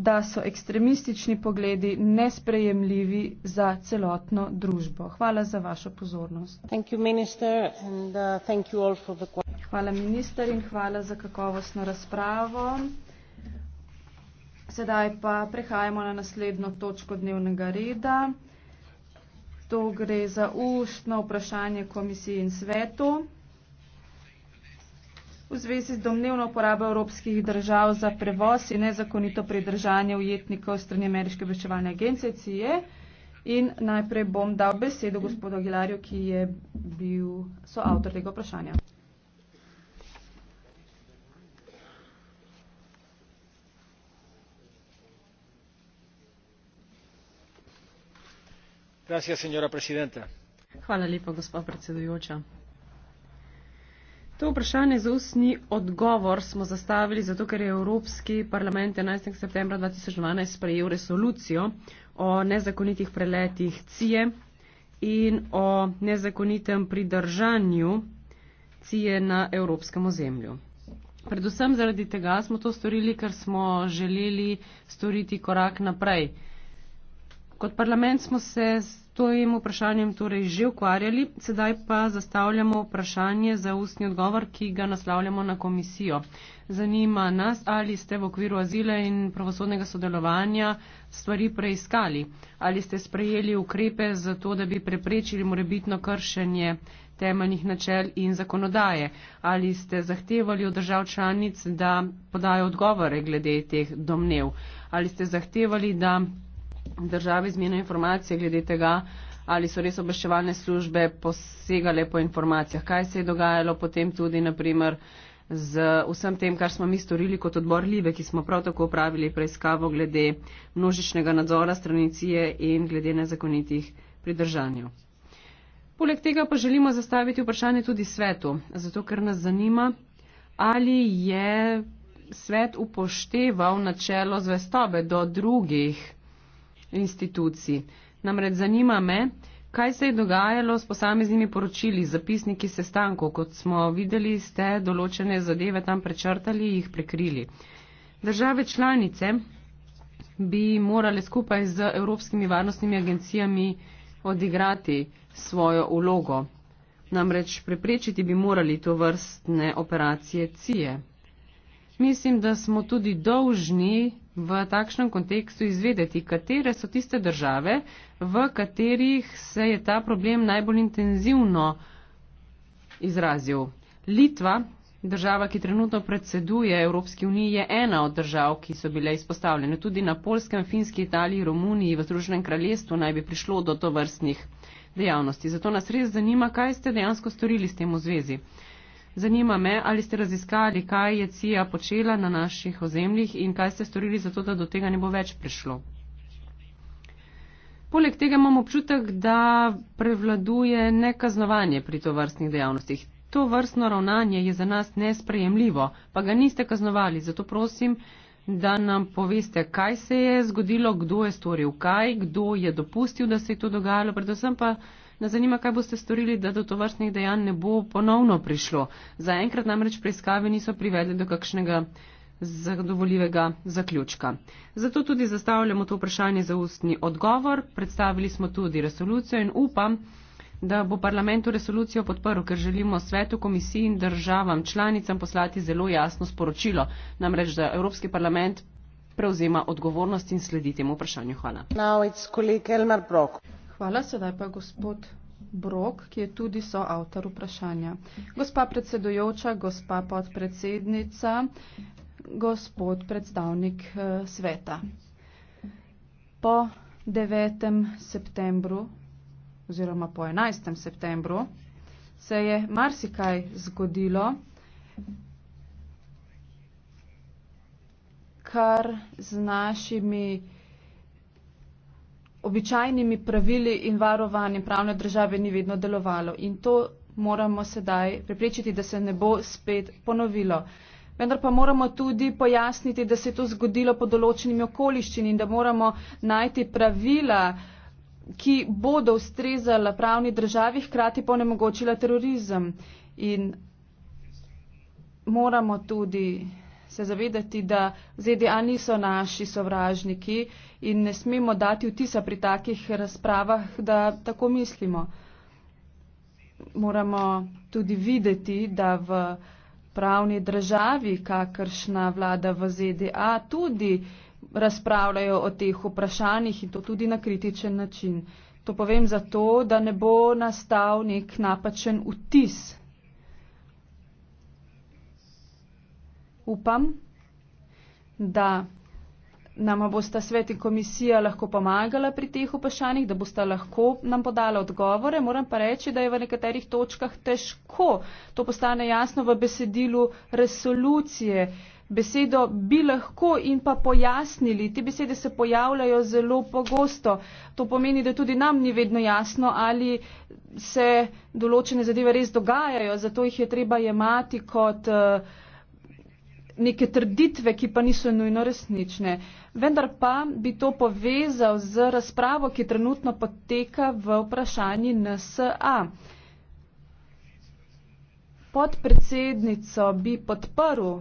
da so ekstremistični pogledi nesprejemljivi za celotno družbo. Hvala za vašo pozornost. Uh, hvala minister in hvala za kakovostno razpravo. Sedaj pa prehajamo na naslednjo točko dnevnega reda. To gre za ustno vprašanje komisiji in svetu v zvezi z domnevno uporabo evropskih držav za prevoz in nezakonito pridržanje ujetnikov strani Ameriške obveščevalne agencije CIE. In najprej bom dal besedo gospodu Aguilarju, ki je bil soavtor tega vprašanja. Hvala lepa, gospod predsedujoča. To vprašanje za usni odgovor smo zastavili zato, ker je Evropski parlament 11. septembra 2012 sprejel resolucijo o nezakonitih preletih CIE in o nezakonitem pridržanju CIE na evropskem ozemlju. Predvsem zaradi tega smo to storili, ker smo želeli storiti korak naprej. Kot parlament smo se tem vprašanjem torej že ukvarjali, sedaj pa zastavljamo vprašanje za ustni odgovor, ki ga naslavljamo na komisijo. Zanima nas, ali ste v okviru azila in pravosodnega sodelovanja stvari preiskali, ali ste sprejeli ukrepe za to, da bi preprečili morebitno kršenje temeljnih načel in zakonodaje, ali ste zahtevali od držav članic, da podajo odgovore glede teh domnev, ali ste zahtevali, da državi zmeno informacije glede tega, ali so res obveščevalne službe posegale po informacijah, kaj se je dogajalo potem tudi naprimer z vsem tem, kar smo mi storili kot odborljive, ki smo prav tako upravili preiskavo glede množičnega nadzora stranicije in glede nezakonitih pridržanja. Poleg tega pa želimo zastaviti vprašanje tudi svetu, zato ker nas zanima, ali je svet upošteval načelo zvestobe do drugih institucij. Namreč zanima me, kaj se je dogajalo s posameznimi poročili, zapisniki sestankov, kot smo videli, ste določene zadeve tam prečrtali in jih prekrili. Države članice bi morale skupaj z evropskimi varnostnimi agencijami odigrati svojo ulogo. Namreč preprečiti bi morali to vrstne operacije CIE. Mislim, da smo tudi dolžni v takšnem kontekstu izvedeti, katere so tiste države, v katerih se je ta problem najbolj intenzivno izrazil. Litva, država, ki trenutno predseduje Evropski uniji, je ena od držav, ki so bile izpostavljene. Tudi na Polskem, Finski, Italiji, Romuniji, v Združenem kraljestvu naj bi prišlo do tovrstnih dejavnosti. Zato nas res zanima, kaj ste dejansko storili s tem v zvezi. Zanima me, ali ste raziskali, kaj je CIA počela na naših ozemljih in kaj ste storili zato, da do tega ne bo več prišlo. Poleg tega imam občutek, da prevladuje nekaznovanje pri tovrstnih dejavnostih. To vrstno ravnanje je za nas nesprejemljivo, pa ga niste kaznovali. Zato prosim, da nam poveste, kaj se je zgodilo, kdo je storil kaj, kdo je dopustil, da se je to dogajalo, predvsem pa. Nas zanima, kaj boste storili, da do tovrstnih dejanj ne bo ponovno prišlo. Zaenkrat namreč preiskave niso privedle do kakšnega zadovoljivega zaključka. Zato tudi zastavljamo to vprašanje za ustni odgovor. Predstavili smo tudi resolucijo in upam, da bo parlamentu resolucijo podprl, ker želimo svetu, komisiji in državam članicam poslati zelo jasno sporočilo, namreč da Evropski parlament prevzema odgovornost in sledi temu vprašanju. Hvala. Hvala, sedaj pa gospod Brok, ki je tudi soavtor vprašanja. Gospa predsedujoča, gospa podpredsednica, gospod predstavnik eh, sveta. Po 9. septembru oziroma po 11. septembru se je marsikaj zgodilo, kar z našimi običajnimi pravili in varovanjem pravne države ni vedno delovalo. In to moramo sedaj preprečiti, da se ne bo spet ponovilo. Vendar pa moramo tudi pojasniti, da se je to zgodilo po določenimi okoliščini in da moramo najti pravila, ki bodo ustrezala pravni državi, hkrati pa onemogočila terorizem. In moramo tudi se zavedati, da ZDA niso naši sovražniki in ne smemo dati vtisa pri takih razpravah, da tako mislimo. Moramo tudi videti, da v pravni državi, kakršna vlada v ZDA, tudi razpravljajo o teh vprašanjih in to tudi na kritičen način. To povem zato, da ne bo nastal nek napačen vtis. upam, da nama bosta sveti komisija lahko pomagala pri teh vprašanjih, da bosta lahko nam podala odgovore. Moram pa reči, da je v nekaterih točkah težko. To postane jasno v besedilu resolucije. Besedo bi lahko in pa pojasnili. Te besede se pojavljajo zelo pogosto. To pomeni, da tudi nam ni vedno jasno, ali se določene zadeve res dogajajo. Zato jih je treba jemati kot. Uh, neke trditve, ki pa niso nujno resnične. Vendar pa bi to povezal z razpravo, ki trenutno poteka v vprašanji NSA. Podpredsednico bi podprl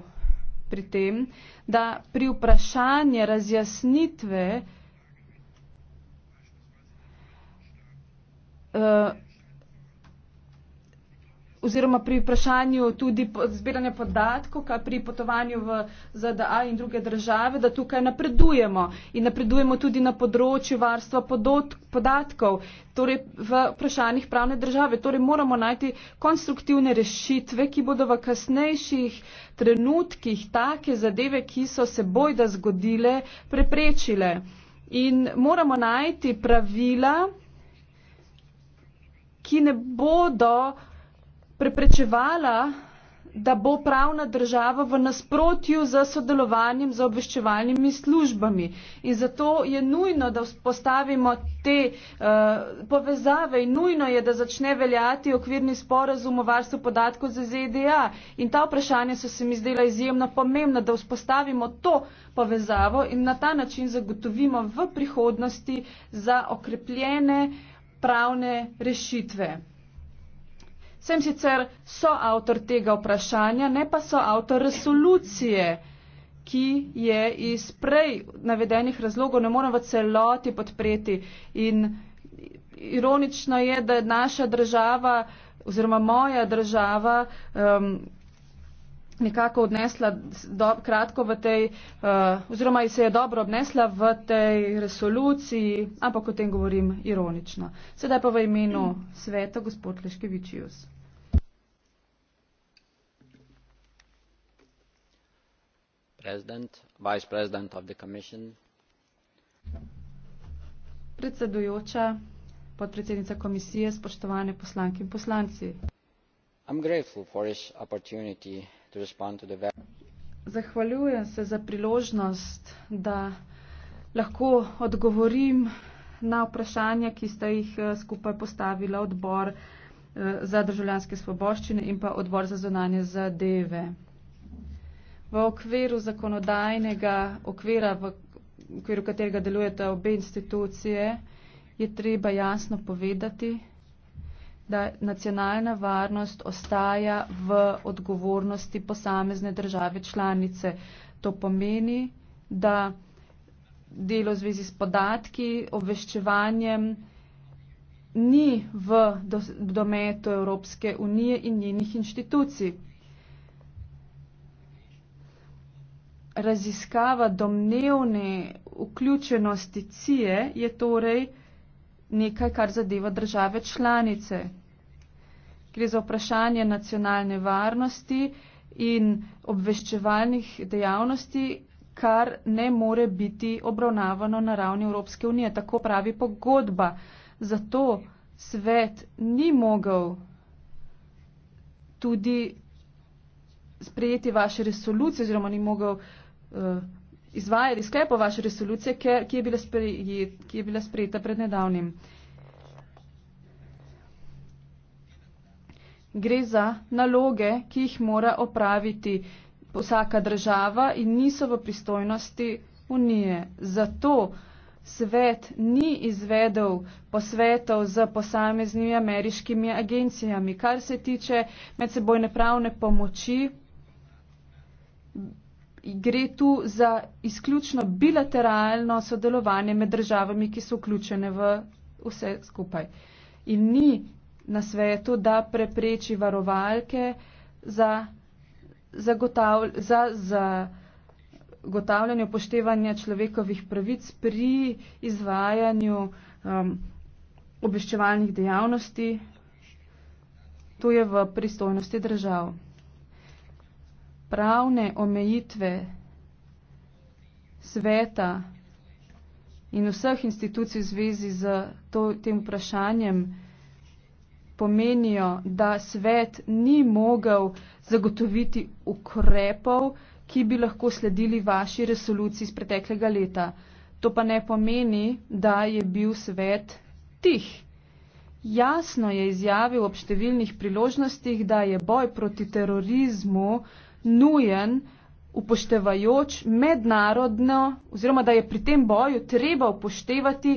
pri tem, da pri vprašanje razjasnitve uh, oziroma pri vprašanju tudi zbiranja podatkov, kaj pri potovanju v ZDA in druge države, da tukaj napredujemo in napredujemo tudi na področju varstva podatkov, torej v vprašanjih pravne države. Torej moramo najti konstruktivne rešitve, ki bodo v kasnejših trenutkih take zadeve, ki so se bojda zgodile, preprečile. In moramo najti pravila, ki ne bodo preprečevala da bo pravna država v nasprotju z sodelovanjem z obveščevalnimi službami. In zato je nujno, da postavimo te uh, povezave in nujno je, da začne veljati okvirni sporazum o varstvu podatkov za ZDA. In ta vprašanja so se mi zdela izjemno pomembna, da vzpostavimo to povezavo in na ta način zagotovimo v prihodnosti za okrepljene pravne rešitve. Sem sicer soavtor tega vprašanja, ne pa soavtor resolucije, ki je iz prej navedenih razlogov ne moramo v celoti podpreti. In ironično je, da naša država oziroma moja država um, nekako odnesla do, kratko v tej, uh, oziroma se je dobro obnesla v tej resoluciji, ampak o tem govorim ironično. Sedaj pa v imenu sveta gospod Leškevičius. president vice president of the commission predsedujoča podpredsednica komisije spoštovane poslanke in poslanci i'm grateful for this opportunity to respond to the zahvaljujem se za priložnost da lahko odgovorim na vprašanja ki sta jih eh, skupaj postavila odbor eh, za državljanske svoboščine in pa odbor za zunanje zadeve v okviru zakonodajnega okvira, v okviru katerega delujete obe institucije, je treba jasno povedati, da nacionalna varnost ostaja v odgovornosti posamezne države članice. To pomeni, da delo v zvezi s podatki, obveščevanjem ni v dometu Evropske unije in njenih inštitucij. raziskava domnevne vključenosti CIE je torej nekaj, kar zadeva države članice. Gre za vprašanje nacionalne varnosti in obveščevalnih dejavnosti, kar ne more biti obravnavano na ravni Evropske unije. Tako pravi pogodba. Zato svet ni mogel tudi sprejeti vaše resolucije oziroma ni mogel uh, Eh, izvajali sklepo vaše resolucije, ki je, bila sprejet, ki je bila sprejeta pred nedavnim. Gre za naloge, ki jih mora opraviti vsaka država in niso v pristojnosti unije. Zato svet ni izvedel posvetov z posameznimi ameriškimi agencijami, kar se tiče medsebojne pravne pomoči gre tu za izključno bilateralno sodelovanje med državami, ki so vključene v vse skupaj. In ni na svetu, da prepreči varovalke za, za, gotavl, za, za gotavljanje upoštevanja človekovih pravic pri izvajanju um, obveščevalnih dejavnosti. To je v pristojnosti držav pravne omejitve sveta in vseh institucij v zvezi z to, tem vprašanjem pomenijo, da svet ni mogel zagotoviti ukrepov, ki bi lahko sledili vaši resoluciji iz preteklega leta. To pa ne pomeni, da je bil svet tih. Jasno je izjavil ob številnih priložnostih, da je boj proti terorizmu uh, nujen, upoštevajoč mednarodno, oziroma da je pri tem boju treba upoštevati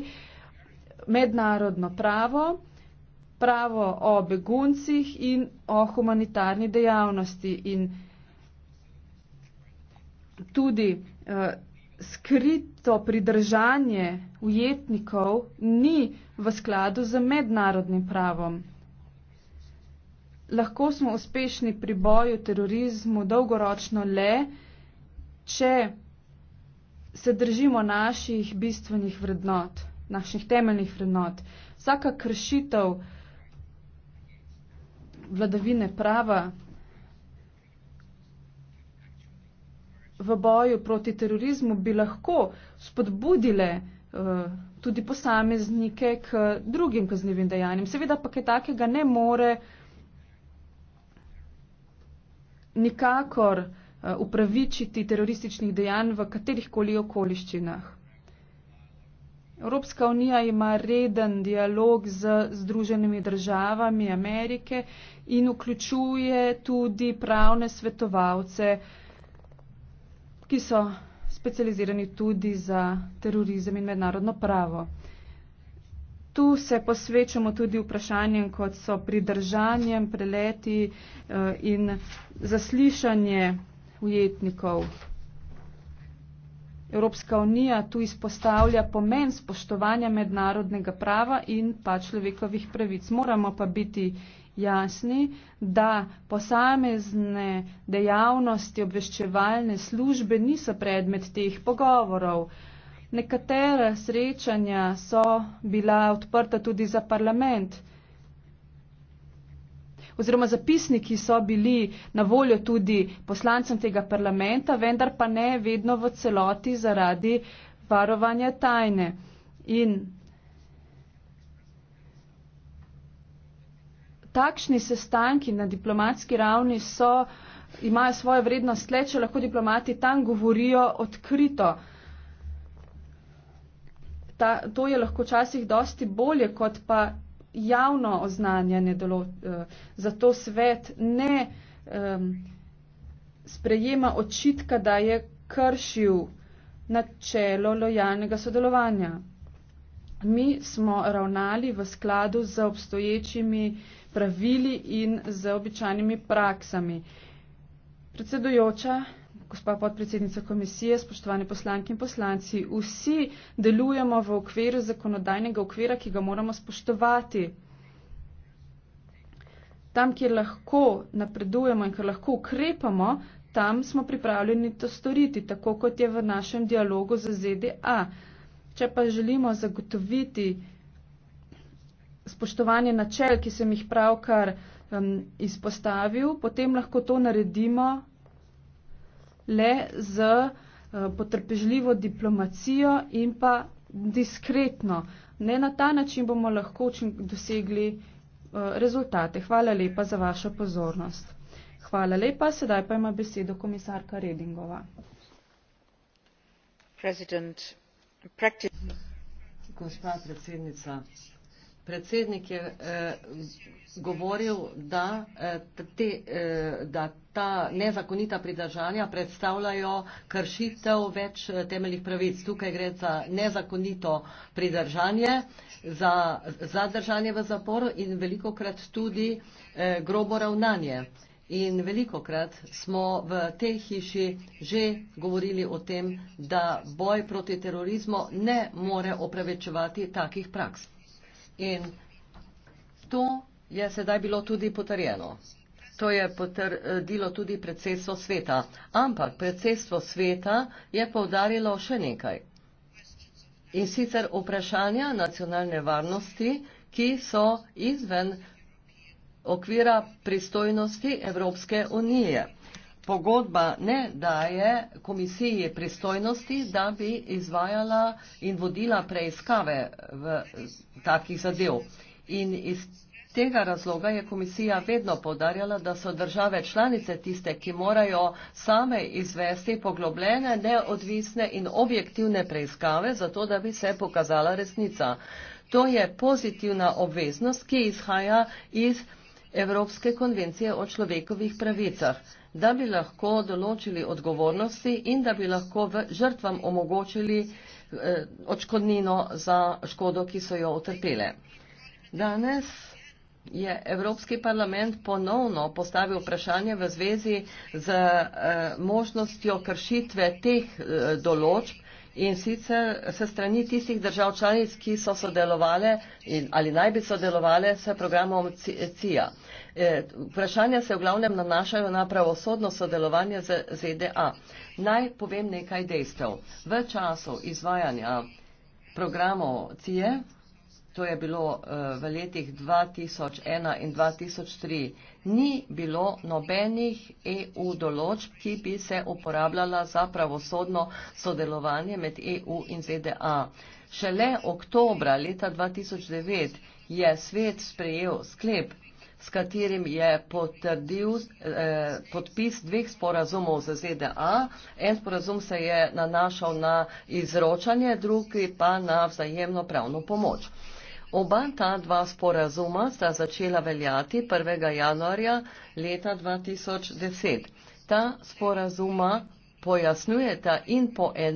mednarodno pravo, pravo o beguncih in o humanitarni dejavnosti. In tudi eh, skrito pridržanje ujetnikov ni v skladu z mednarodnim pravom lahko smo uspešni pri boju terorizmu dolgoročno le, če se držimo naših bistvenih vrednot, naših temeljnih vrednot. Vsaka kršitev vladavine prava v boju proti terorizmu bi lahko spodbudile eh, tudi posameznike k drugim kaznivim dejanjem. Seveda pa kaj takega ne more nikakor eh, upravičiti terorističnih dejanj v katerihkoli okoliščinah. Evropska unija ima reden dialog z Združenimi državami Amerike in vključuje tudi pravne svetovalce, ki so specializirani tudi za terorizem in mednarodno pravo. Tu se posvečamo tudi vprašanjem, kot so pridržanje, preleti eh, in zaslišanje ujetnikov. Evropska unija tu izpostavlja pomen spoštovanja mednarodnega prava in pa človekovih pravic. Moramo pa biti jasni, da posamezne dejavnosti obveščevalne službe niso predmet teh pogovorov. Nekatera srečanja so bila odprta tudi za parlament. Oziroma zapisniki so bili na voljo tudi poslancem tega parlamenta, vendar pa ne vedno v celoti zaradi varovanja tajne. In takšni sestanki na diplomatski ravni so, imajo svojo vrednost le, če lahko diplomati tam govorijo odkrito. Uh, ta, to je lahko včasih dosti bolje, kot pa javno oznanjanje določ, eh, zato svet ne um, sprejema očitka, da je kršil načelo lojalnega sodelovanja. Mi smo ravnali v skladu z obstoječimi pravili in z običajnimi praksami. Predsedujoča, gospa podpredsednica komisije, spoštovane poslanke in poslanci, vsi delujemo v okviru zakonodajnega okvira, ki ga moramo spoštovati. Tam, kjer lahko napredujemo in kjer lahko ukrepamo, tam smo pripravljeni to storiti, tako kot je v našem dialogu z ZDA. Če pa želimo zagotoviti spoštovanje načel, ki sem jih pravkar um, izpostavil, potem lahko to naredimo le z uh, potrpežljivo diplomacijo in pa diskretno. Ne na ta način bomo lahko dosegli uh, rezultate. Hvala lepa za vašo pozornost. Hvala lepa. Sedaj pa ima besedo komisarka Redingova. Gospa predsednica, predsednik je eh, govoril, da, eh, te, eh, da ta nezakonita pridržanja predstavljajo kršitev več eh, temeljih pravic. Tukaj gre za nezakonito pridržanje, za zadržanje v zaporu in velikokrat tudi eh, grobo ravnanje. In velikokrat smo v tej hiši že govorili o tem, da boj proti terorizmu ne more opravečevati takih praks. In to je sedaj bilo tudi potrjeno. To je potrdilo tudi predsedstvo sveta. Ampak predsedstvo sveta je povdarilo še nekaj. In sicer vprašanja nacionalne varnosti, ki so izven okvira pristojnosti Evropske unije pogodba ne daje komisiji pristojnosti, da bi izvajala in vodila preiskave v takih zadev. In iz tega razloga je komisija vedno podarjala, da so države članice tiste, ki morajo same izvesti poglobljene, neodvisne in objektivne preiskave, zato da bi se pokazala resnica. To je pozitivna obveznost, ki izhaja iz Evropske konvencije o človekovih pravicah da bi lahko določili odgovornosti in da bi lahko žrtvam omogočili eh, odškodnino za škodo, ki so jo utrpele. Danes je Evropski parlament ponovno postavil vprašanje v zvezi z eh, možnostjo kršitve teh eh, določb in sicer se strani tistih držav članic, ki so sodelovale ali naj bi sodelovale s programom CIA. Eh, vprašanja se v glavnem nanašajo na pravosodno sodelovanje z ZDA. Naj povem nekaj dejstev. V času izvajanja programov CIE, to je bilo eh, v letih 2001 in 2003, ni bilo nobenih EU določb, ki bi se uporabljala za pravosodno sodelovanje med EU in ZDA. Šele oktobra leta 2009 je svet sprejel sklep s katerim je potrdil eh, podpis dveh sporazumov za ZDA. En sporazum se je nanašal na izročanje, drugi pa na vzajemno pravno pomoč. Oba ta dva sporazuma sta začela veljati 1. januarja leta 2010. Ta sporazuma pojasnjujeta in eh,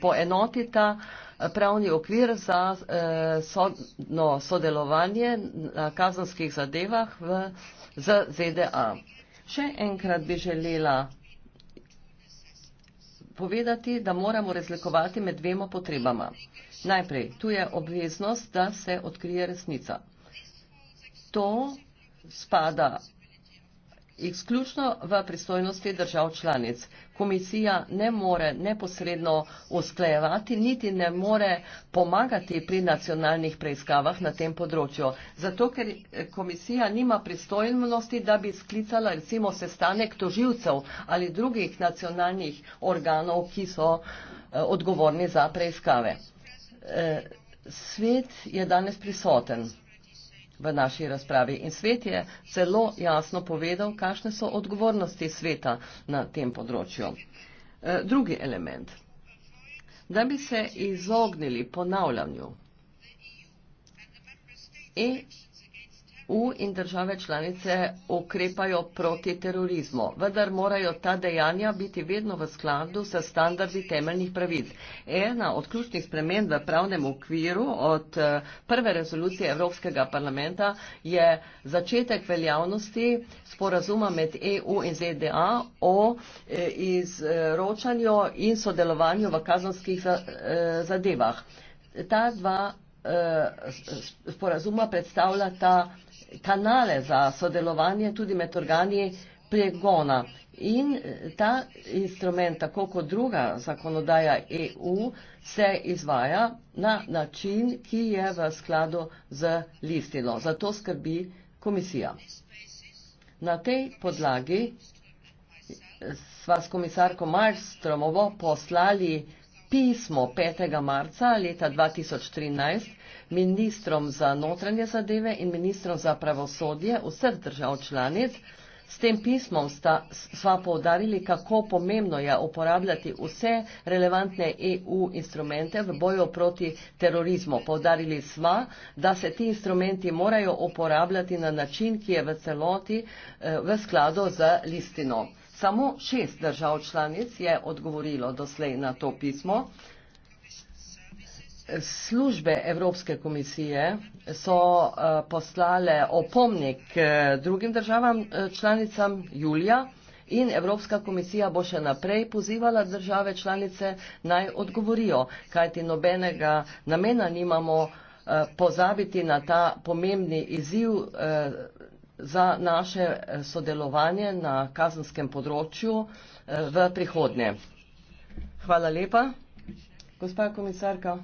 poenotita eh, po pravni okvir za eh, sodno sodelovanje na kazanskih zadevah v, z ZDA. Še enkrat bi želela povedati, da moramo razlikovati med dvema potrebama. Najprej, tu je obveznost, da se odkrije resnica. To spada izključno v pristojnosti držav članic. Komisija ne more neposredno usklejevati, niti ne more pomagati pri nacionalnih preiskavah na tem področju. Zato, ker komisija nima pristojnosti, da bi sklicala recimo sestanek toživcev ali drugih nacionalnih organov, ki so eh, odgovorni za preiskave. Eh, svet je danes prisoten v naši razpravi. In svet je zelo jasno povedal, kakšne so odgovornosti sveta na tem področju. E, drugi element. Da bi se izognili ponavljanju. E EU in države članice ukrepajo proti terorizmu, vendar morajo ta dejanja biti vedno v skladu s standardi temeljnih pravic. Ena od ključnih sprememb v pravnem okviru od eh, prve rezolucije Evropskega parlamenta je začetek veljavnosti sporazuma med EU in ZDA o eh, izročanju in sodelovanju v kazanskih eh, zadevah. Ta dva Eh, sporazuma predstavlja ta kanale za sodelovanje tudi med organi pregona. In eh, ta instrument, tako kot druga zakonodaja EU, se izvaja na način, ki je v skladu z listino. Zato skrbi komisija. Na tej podlagi sva s komisarko Marstromovo poslali pismo 5. marca leta 2013 ministrom za notranje zadeve in ministrom za pravosodje vseh držav članic. S tem pismom sta, sva povdarili, kako pomembno je uporabljati vse relevantne EU instrumente v boju proti terorizmu. Povdarili sva, da se ti instrumenti morajo uporabljati na način, ki je v celoti eh, v skladu z listino. Samo šest držav članic je odgovorilo doslej na to pismo. Službe Evropske komisije so eh, poslale opomnik eh, drugim državam eh, članicam Julija in Evropska komisija bo še naprej pozivala države članice naj odgovorijo, kajti nobenega namena nimamo pozabiti na ta pomembni izziv za naše eh, sodelovanje na kazenskem področju eh, v prihodnje. Hvala lepa, gospa komisarka.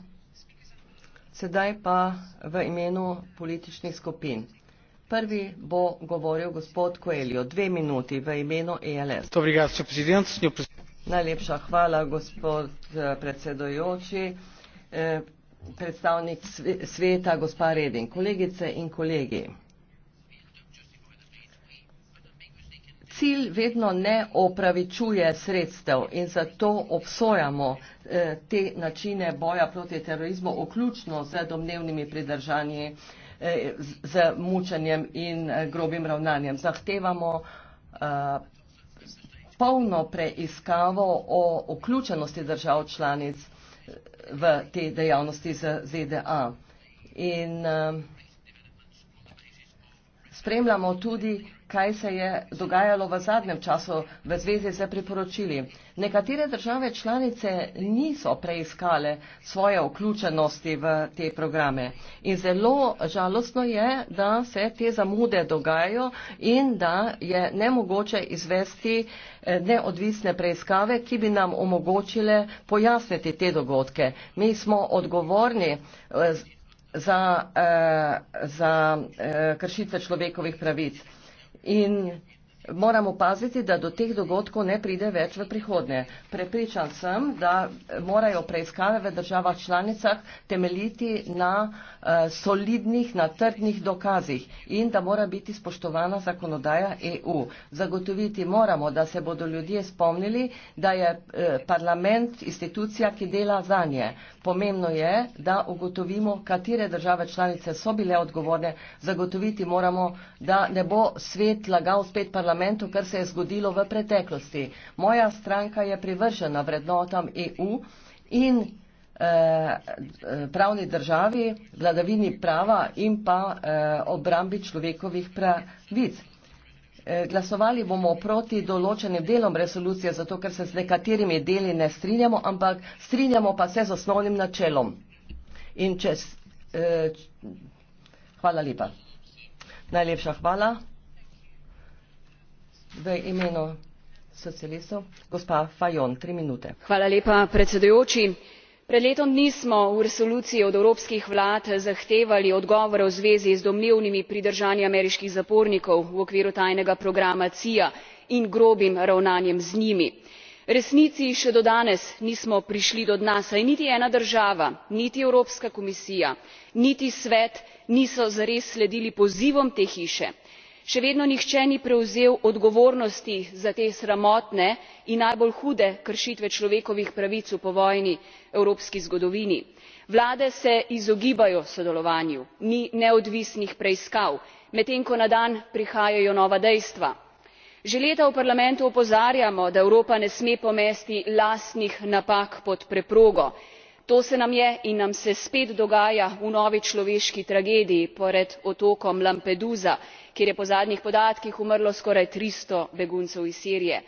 Sedaj pa v imenu političnih skupin. Prvi bo govoril gospod Koeljo, dve minuti v imenu ELS. Najlepša hvala, gospod eh, predsedojoči, predstavnik sveta, gospa Redin, kolegice in kolegi. cilj vedno ne opravičuje sredstev in zato obsojamo eh, te načine boja proti terorizmu, vključno z domnevnimi pridržanji, eh, z, z mučenjem in eh, grobim ravnanjem. Zahtevamo eh, polno preiskavo o vključenosti držav članic eh, v te dejavnosti z ZDA. In, eh, spremljamo tudi, kaj se je dogajalo v zadnjem času v zvezi z priporočili. Nekatere države članice niso preiskale svoje vključenosti v te programe in zelo žalostno je, da se te zamude dogajajo in da je nemogoče izvesti eh, neodvisne preiskave, ki bi nam omogočile pojasniti te dogodke. Mi smo odgovorni eh, za, eh, za eh, kršitve človekovih pravic. In moramo paziti, da do teh dogodkov ne pride več v prihodnje. Prepričan sem, da morajo preiskave v državah članicah temeljiti na eh, solidnih, na trdnih dokazih in da mora biti spoštovana zakonodaja EU. Zagotoviti moramo, da se bodo ljudje spomnili, da je eh, parlament institucija, ki dela za nje. Pomembno je, da ugotovimo, katere države članice so bile odgovorne. Zagotoviti moramo, da ne bo svet lagal spet parlamentu, kar se je zgodilo v preteklosti. Moja stranka je privržena vrednotam EU in eh, pravni državi, vladavini prava in pa eh, obrambi človekovih pravic. Eh, glasovali bomo proti določenim delom resolucije, zato ker se z nekaterimi deli ne strinjamo, ampak strinjamo pa se z osnovnim načelom. In če... Eh, hvala lepa. Najlepša hvala. V imenu socialistov, gospa Fajon, tri minute. Hvala lepa, predsedujoči pred letom dni smo v resoluciji od evropskih vlad zahtevali odgovore v zvezi z domnevnimi pridržanji ameriških zapornikov v okviru tajnega programa cia in grobim ravnanjem z njimi. resnici še do danes nismo prišli do dna saj niti ena država niti evropska komisija niti svet niso zares sledili pozivom te hiše še vedno nihče ni prevzel odgovornosti za te sramotne in najbolj hude kršitve človekovih pravic v povojni evropski zgodovini. vlade se izogibajo sodelovanju ni neodvisnih preiskav medtem ko na dan prihajajo nova dejstva. že leta v parlamentu opozarjamo da evropa ne sme pomesti lastnih napak pod preprogo. to se nam je in nam se spet dogaja v novi človeški tragediji pored otokom lampedusa kjer je po zadnjih podatkih umrlo skoraj tristo beguncev iz sirije.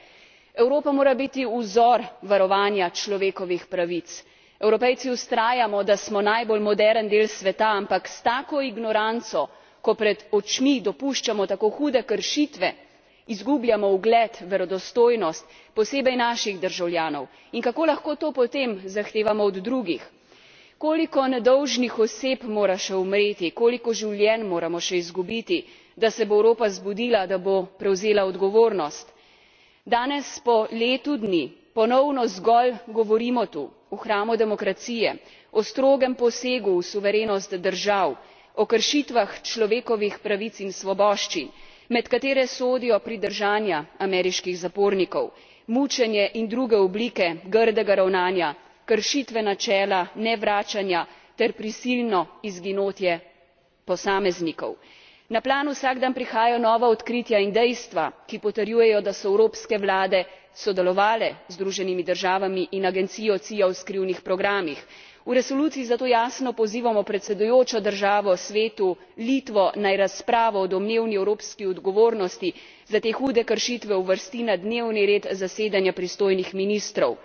evropa mora biti vzor varovanja človekovih pravic. evropejci vztrajamo da smo najbolj moderen del sveta ampak s tako ignoranco ko pred očmi dopuščamo tako hude kršitve izgubljamo ugled verodostojnost posebej naših državljanov in kako lahko to potem zahtevamo od drugih? koliko nedolžnih oseb mora še umreti koliko življenj moramo še izgubiti? da se bo evropa zbudila da bo prevzela odgovornost. danes po letu dni ponovno zgolj govorimo tu v hramu demokracije o strogem posegu v suverenost držav o kršitvah človekovih pravic in svoboščin med katere sodijo pridržanja ameriških zapornikov mučenje in druge oblike grdega ravnanja kršitve načela nevračanja ter prisilno izginotje posameznikov na plan vsak dan prihajajo nova odkritja in dejstva ki potrjujejo da so evropske vlade sodelovale z združenimi državami in agencijo cia v skrivnih programih. v resoluciji zato jasno pozivamo predsedujočo državo svetu litvo naj razpravo o domnevni evropski odgovornosti za te hude kršitve uvrsti na dnevni red zasedanja pristojnih ministrov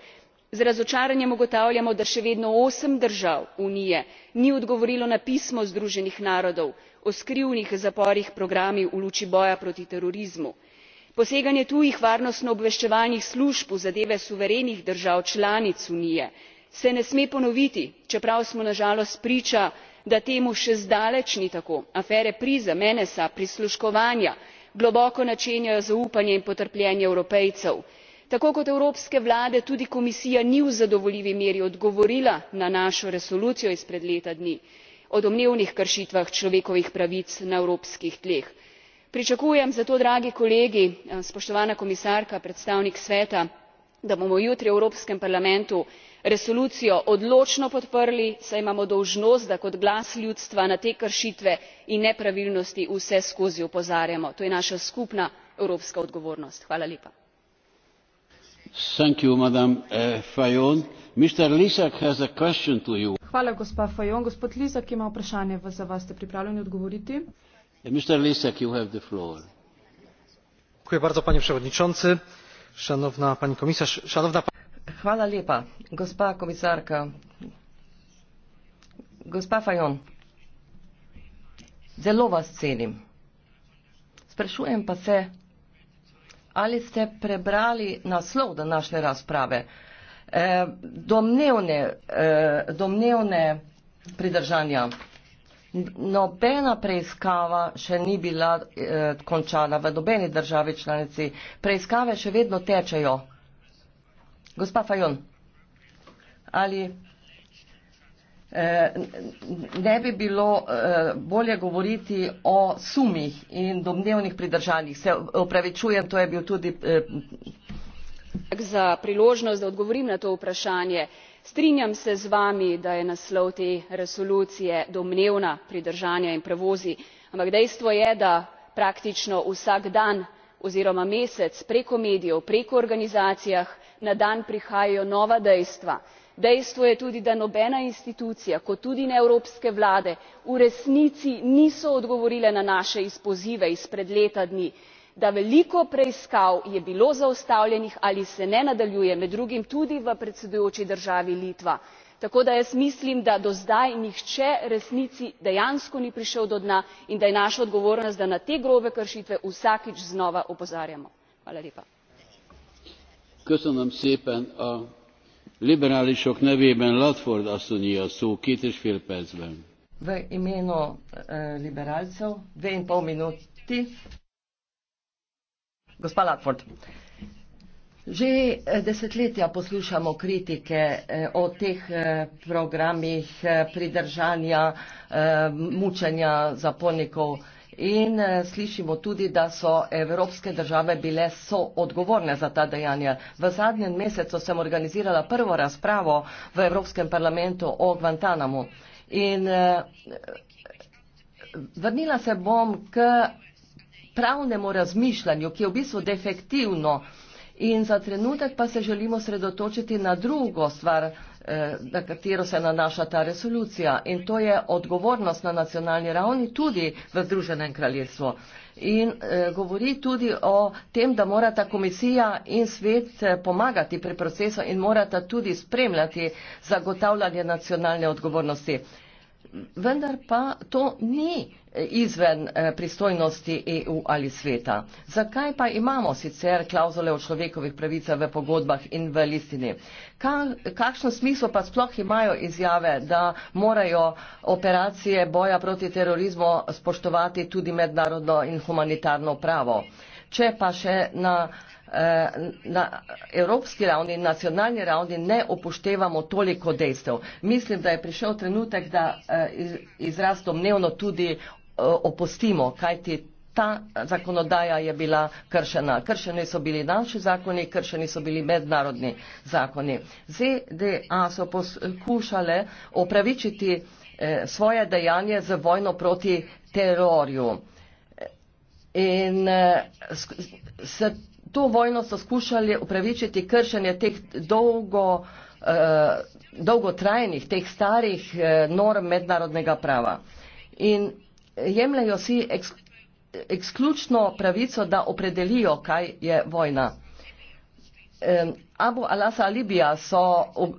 z razočaranjem ugotavljamo da še vedno osem držav unije ni odgovorilo na pismo združenih narodov o skrivnih zaporih programih v luči boja proti terorizmu. poseganje tujih varnostno obveščevalnih služb v zadeve suverenih držav članic unije se ne sme ponoviti čeprav smo na žalost priča da temu še zdaleč ni tako afere prism nsa prisluškovanja globoko načenjajo zaupanje in potrpljenje evropejcev tako kot evropske vlade tudi komisija ni v zadovoljivi meri odgovorila na našo resolucijo izpred leta dni o domnevnih kršitvah človekovih pravic na evropskih tleh. pričakujem zato dragi kolegi eh, spoštovana komisarka predstavnik sveta da bomo jutri v evropskem parlamentu resolucijo odločno podprli saj imamo dolžnost da kot glas ljudstva na te kršitve in nepravilnosti vseskozi opozarjamo to je naša skupna evropska odgovornost. Uh, hvala gospa fajon gospod lisek ima vprašanje za vas ste pripravljeni odgovoriti uh, hvala lepa gospa komisarka gospa fajon zelo vas cenim sprašujem pa se ali ste prebrali naslov današnje razprave? E, domnevne, e, domnevne pridržanja. Nobena preiskava še ni bila e, končana v nobeni državi članici. Preiskave še vedno tečejo. Gospa Fajon, ali Eh, ne bi bilo eh, bolje govoriti o sumih in domnevnih pridržanjih. Se opravičujem, to je bil tudi. Eh, za priložnost, da odgovorim na to vprašanje. Strinjam se z vami, da je naslov te resolucije domnevna pridržanja in prevozi, ampak dejstvo je, da praktično vsak dan oziroma mesec preko medijev, preko organizacij na dan prihajajo nova dejstva dejstvo je tudi da nobena institucija kot tudi ne evropske vlade v resnici niso odgovorile na naše pozive izpred leta dni da veliko preiskav je bilo zaustavljenih ali se ne nadaljuje med drugim tudi v predsedujoči državi litva tako da jaz mislim da do zdaj nihče resnici dejansko ni prišel do dna in da je naša odgovornost da na te grobe kršitve vsakič znova opozarjamo liberálisok nevében Latford asszonyi a szó két és fél percben. V imenu eh, liberalcev, dve in pol minuti. Gospa Latford, že desetletja poslušamo kritike eh, o teh eh, programih eh, pridržanja, eh, mučenja zapornikov. In uh, slišimo tudi, da so evropske države bile soodgovorne za ta dejanja. V zadnjem mesecu sem organizirala prvo razpravo v Evropskem parlamentu o Guantanamu. In uh, vrnila se bom k pravnemu razmišljanju, ki je v bistvu defektivno. In za trenutek pa se želimo sredotočiti na drugo stvar, Eh, na katero se nanaša ta resolucija. In to je odgovornost na nacionalni ravni tudi v Združenem kraljestvu. In eh, govori tudi o tem, da morata komisija in svet eh, pomagati pri procesu in morata tudi spremljati zagotavljanje nacionalne odgovornosti vendar pa to ni eh, izven eh, pristojnosti EU ali sveta. Zakaj pa imamo sicer klauzule o človekovih pravicah v pogodbah in v listini? Ka, kakšno smislo pa sploh imajo izjave, da morajo operacije boja proti terorizmu spoštovati tudi mednarodno in humanitarno pravo? Če pa še na, eh, na evropski ravni, nacionalni ravni ne upoštevamo toliko dejstev. Mislim, da je prišel trenutek, da eh, izraz domnevno tudi eh, opustimo, kajti ta zakonodaja je bila kršena. Kršeni so bili naši zakoni, kršeni so bili mednarodni zakoni. ZDA so poskušale opravičiti svoje dejanje z vojno proti terorju. In uh, s to vojno so skušali upravičiti kršenje teh dolgo, uh, dolgotrajnih, teh starih uh, norm mednarodnega prava. In jemljajo si eks, eksklučno pravico, da opredelijo, kaj je vojna. Abu Alasa Libija so uh,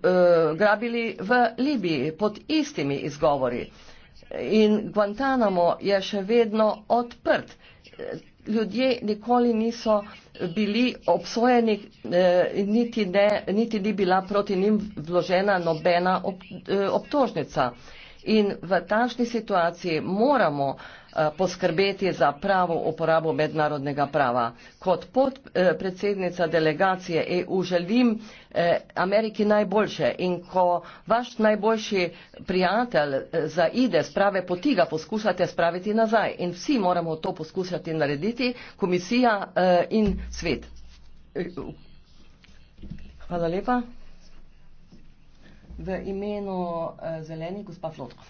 grabili v Libiji pod istimi izgovori in Guantanamo je še vedno odprt. Uh, ljudje nikoli niso bili obsojeni, eh, niti, ne, niti ni bila proti njim vložena nobena eh, obtožnica. In v takšni situaciji moramo eh, poskrbeti za pravo uporabo mednarodnega prava. Kot podpredsednica delegacije EU želim E, Ameriki najboljše. In ko vaš najboljši prijatelj e, zaide, sprave poti ga poskušate spraviti nazaj. In vsi moramo to poskušati narediti, komisija e, in svet. Hvala lepa. V imenu zeleni gospa Flotko.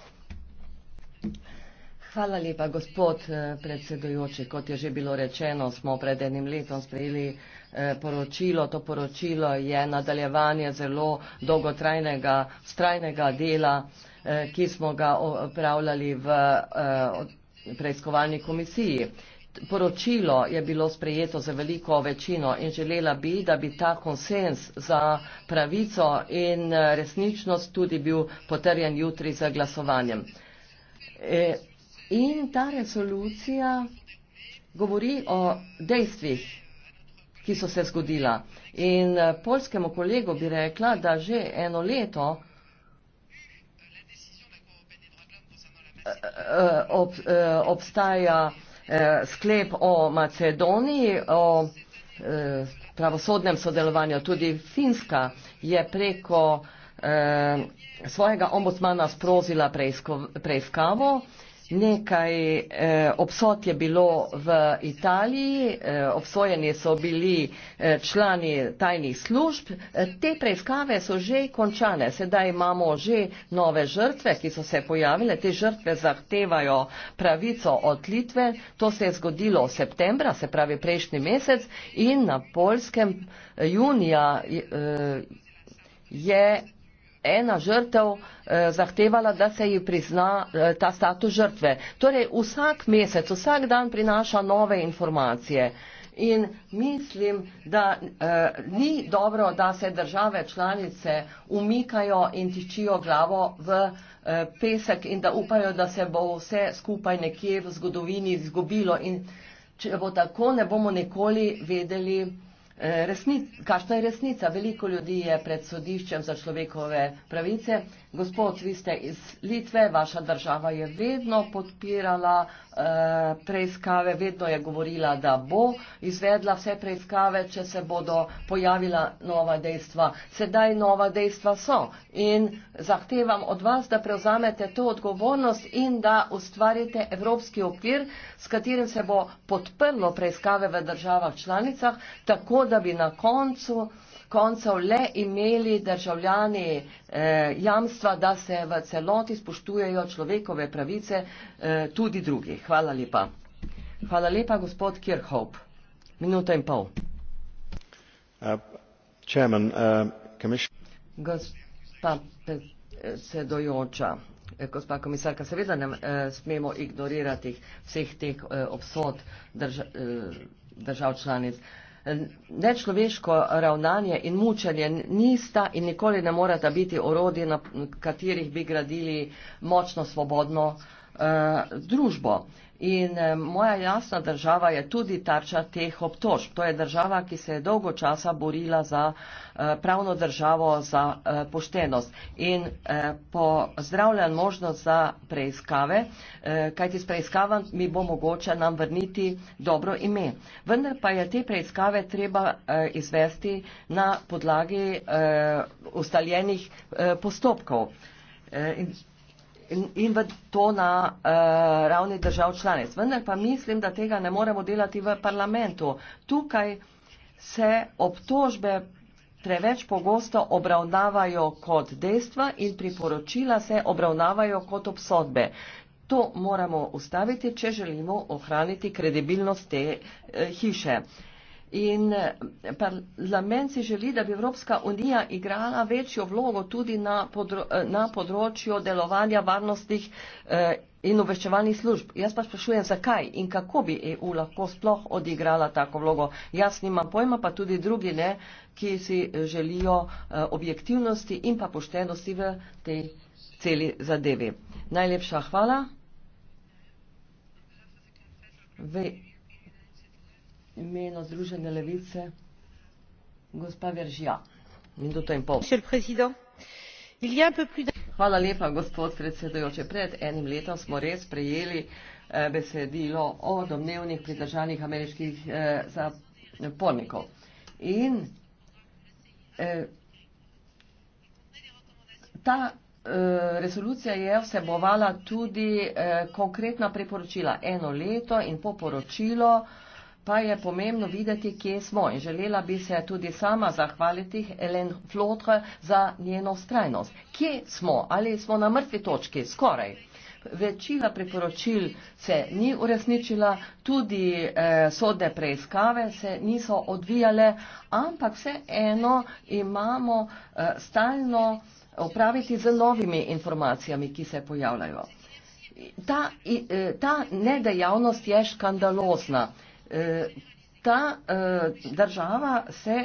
Hvala lepa, gospod predsedujoči. Kot je že bilo rečeno, smo pred enim letom sprejeli Eh, poročilo. To poročilo je nadaljevanje zelo dolgotrajnega, strajnega dela, eh, ki smo ga opravljali v eh, preiskovalni komisiji. Poročilo je bilo sprejeto za veliko večino in želela bi, da bi ta konsens za pravico in resničnost tudi bil potrjen jutri za glasovanjem. In ta resolucija govori o dejstvih ki so se zgodila. In eh, polskemu kolegu bi rekla, da že eno leto eh, eh, ob, obstaja sklep o Macedoniji, o pravosodnem sodelovanju. Tudi Finska je preko svojega ombudsmana sprozila preiskavo. Nekaj eh, obsod je bilo v Italiji, eh, obsojeni so bili eh, člani tajnih služb. Eh, te preiskave so že končane, sedaj imamo že nove žrtve, ki so se pojavile. Te žrtve zahtevajo pravico od Litve. To se je zgodilo septembra, se pravi prejšnji mesec in na polskem eh, junija eh, je ena žrtev eh, zahtevala, da se ji prizna eh, ta status žrtve. Torej vsak mesec, vsak dan prinaša nove informacije. In mislim, da eh, ni dobro, da se države članice umikajo in tičijo glavo v eh, pesek in da upajo, da se bo vse skupaj nekje v zgodovini izgubilo. In če bo tako, ne bomo nikoli vedeli, resnic, kakšna je resnica. Veliko ljudi je pred sodiščem za človekove pravice, Gospod, vi ste iz Litve, vaša država je vedno podpirala eh, preiskave, vedno je govorila, da bo izvedla vse preiskave, če se bodo pojavila nova dejstva. Sedaj nova dejstva so in zahtevam od vas, da prevzamete to odgovornost in da ustvarite evropski okvir, s katerim se bo podprlo preiskave v državah članicah, tako da bi na koncu koncev le imeli državljani eh, jamstva, da se v celoti spoštujejo človekove pravice eh, tudi drugi. Hvala lepa. Hvala lepa, gospod Kirchhoff. Minuta in pol. Uh, chairman, uh, gospa predsedojoča, eh, gospa komisarka, seveda ne eh, smemo ignorirati vseh teh eh, obsod drža, eh, držav članic. Eh, nečloveško ravnanje in mučenje nista in nikoli ne morata biti orodje, na katerih bi gradili močno svobodno uh, družbo. Uh, In eh, moja jasna država je tudi tarča teh obtožb. To je država, ki se je dolgo časa borila za eh, pravno državo, za eh, poštenost. In pozdravljam možnost za preiskave, kajti s preiskavami bo mogoče nam vrniti dobro ime. Vendar pa je te preiskave treba izvesti na podlagi ustaljenih postopkov in, in v to na uh, ravni držav članic. Vendar pa mislim, da tega ne moremo delati v parlamentu. Tukaj se obtožbe preveč pogosto obravnavajo kot dejstva in priporočila se obravnavajo kot obsodbe. To moramo ustaviti, če želimo ohraniti kredibilnost te uh, hiše. Uh, In eh, parlament si želi, da bi Evropska unija igrala večjo vlogo tudi na, podro, eh, na področju delovanja varnostnih eh, in obveščevalnih služb. Jaz pa sprašujem, zakaj in kako bi EU lahko sploh odigrala tako vlogo. Jaz nimam pojma, pa tudi drugi ne, ki si želijo objektivnosti in pa poštenosti v tej celi zadevi. Najlepša hvala. Ve imeno Združene levice, gospa Veržija. Minuto in pol. Hvala lepa, gospod predsedujoče. Pred enim letom smo res prejeli eh, besedilo o domnevnih pridržanih ameriških eh, zapornikov. In eh, ta eh, Resolucija je vsebovala tudi eh, konkretna priporočila. Eno leto in po poročilo pa je pomembno videti, kje smo. In želela bi se tudi sama zahvaliti Elen Flotre za njeno strajnost. Kje smo? Ali smo na mrtvi točki? Skoraj. Večina priporočil se ni uresničila, tudi eh, sodne preiskave se niso odvijale, ampak vseeno imamo eh, stalno opraviti z novimi informacijami, ki se pojavljajo. Ta, eh, ta nedejavnost je škandalozna. Eh, Eh, ta eh, država se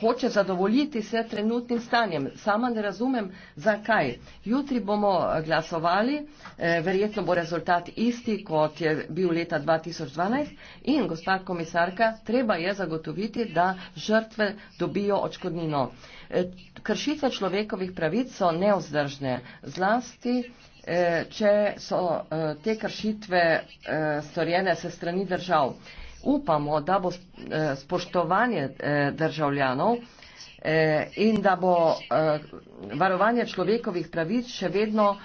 hoče zadovoljiti s trenutnim stanjem. Sama ne razumem, zakaj. Jutri bomo glasovali, eh, verjetno bo rezultat isti, kot je bil leta 2012 in, gospod komisarka, treba je zagotoviti, da žrtve dobijo očkodnino. Kršice človekovih pravic so neozdržne, zlasti če so te kršitve storjene se strani držav upamo, da bo eh, spoštovanje eh, državljanov eh, in da bo varovanje človekovih pravic še vedno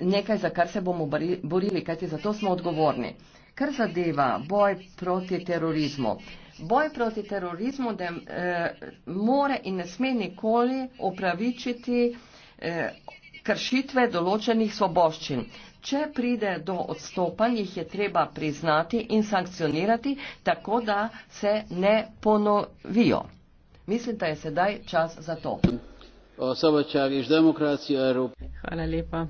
nekaj, za kar se bomo borili, kajti zato smo odgovorni. Kar zadeva boj proti terorizmu? Boj proti terorizmu da, eh, more in ne sme nikoli opravičiti eh, kršitve določenih svoboščin. Eh, Če pride do odstopanj, jih je treba priznati in sankcionirati, tako da se ne ponovijo. Mislim, da je sedaj čas za to. Hvala lepa.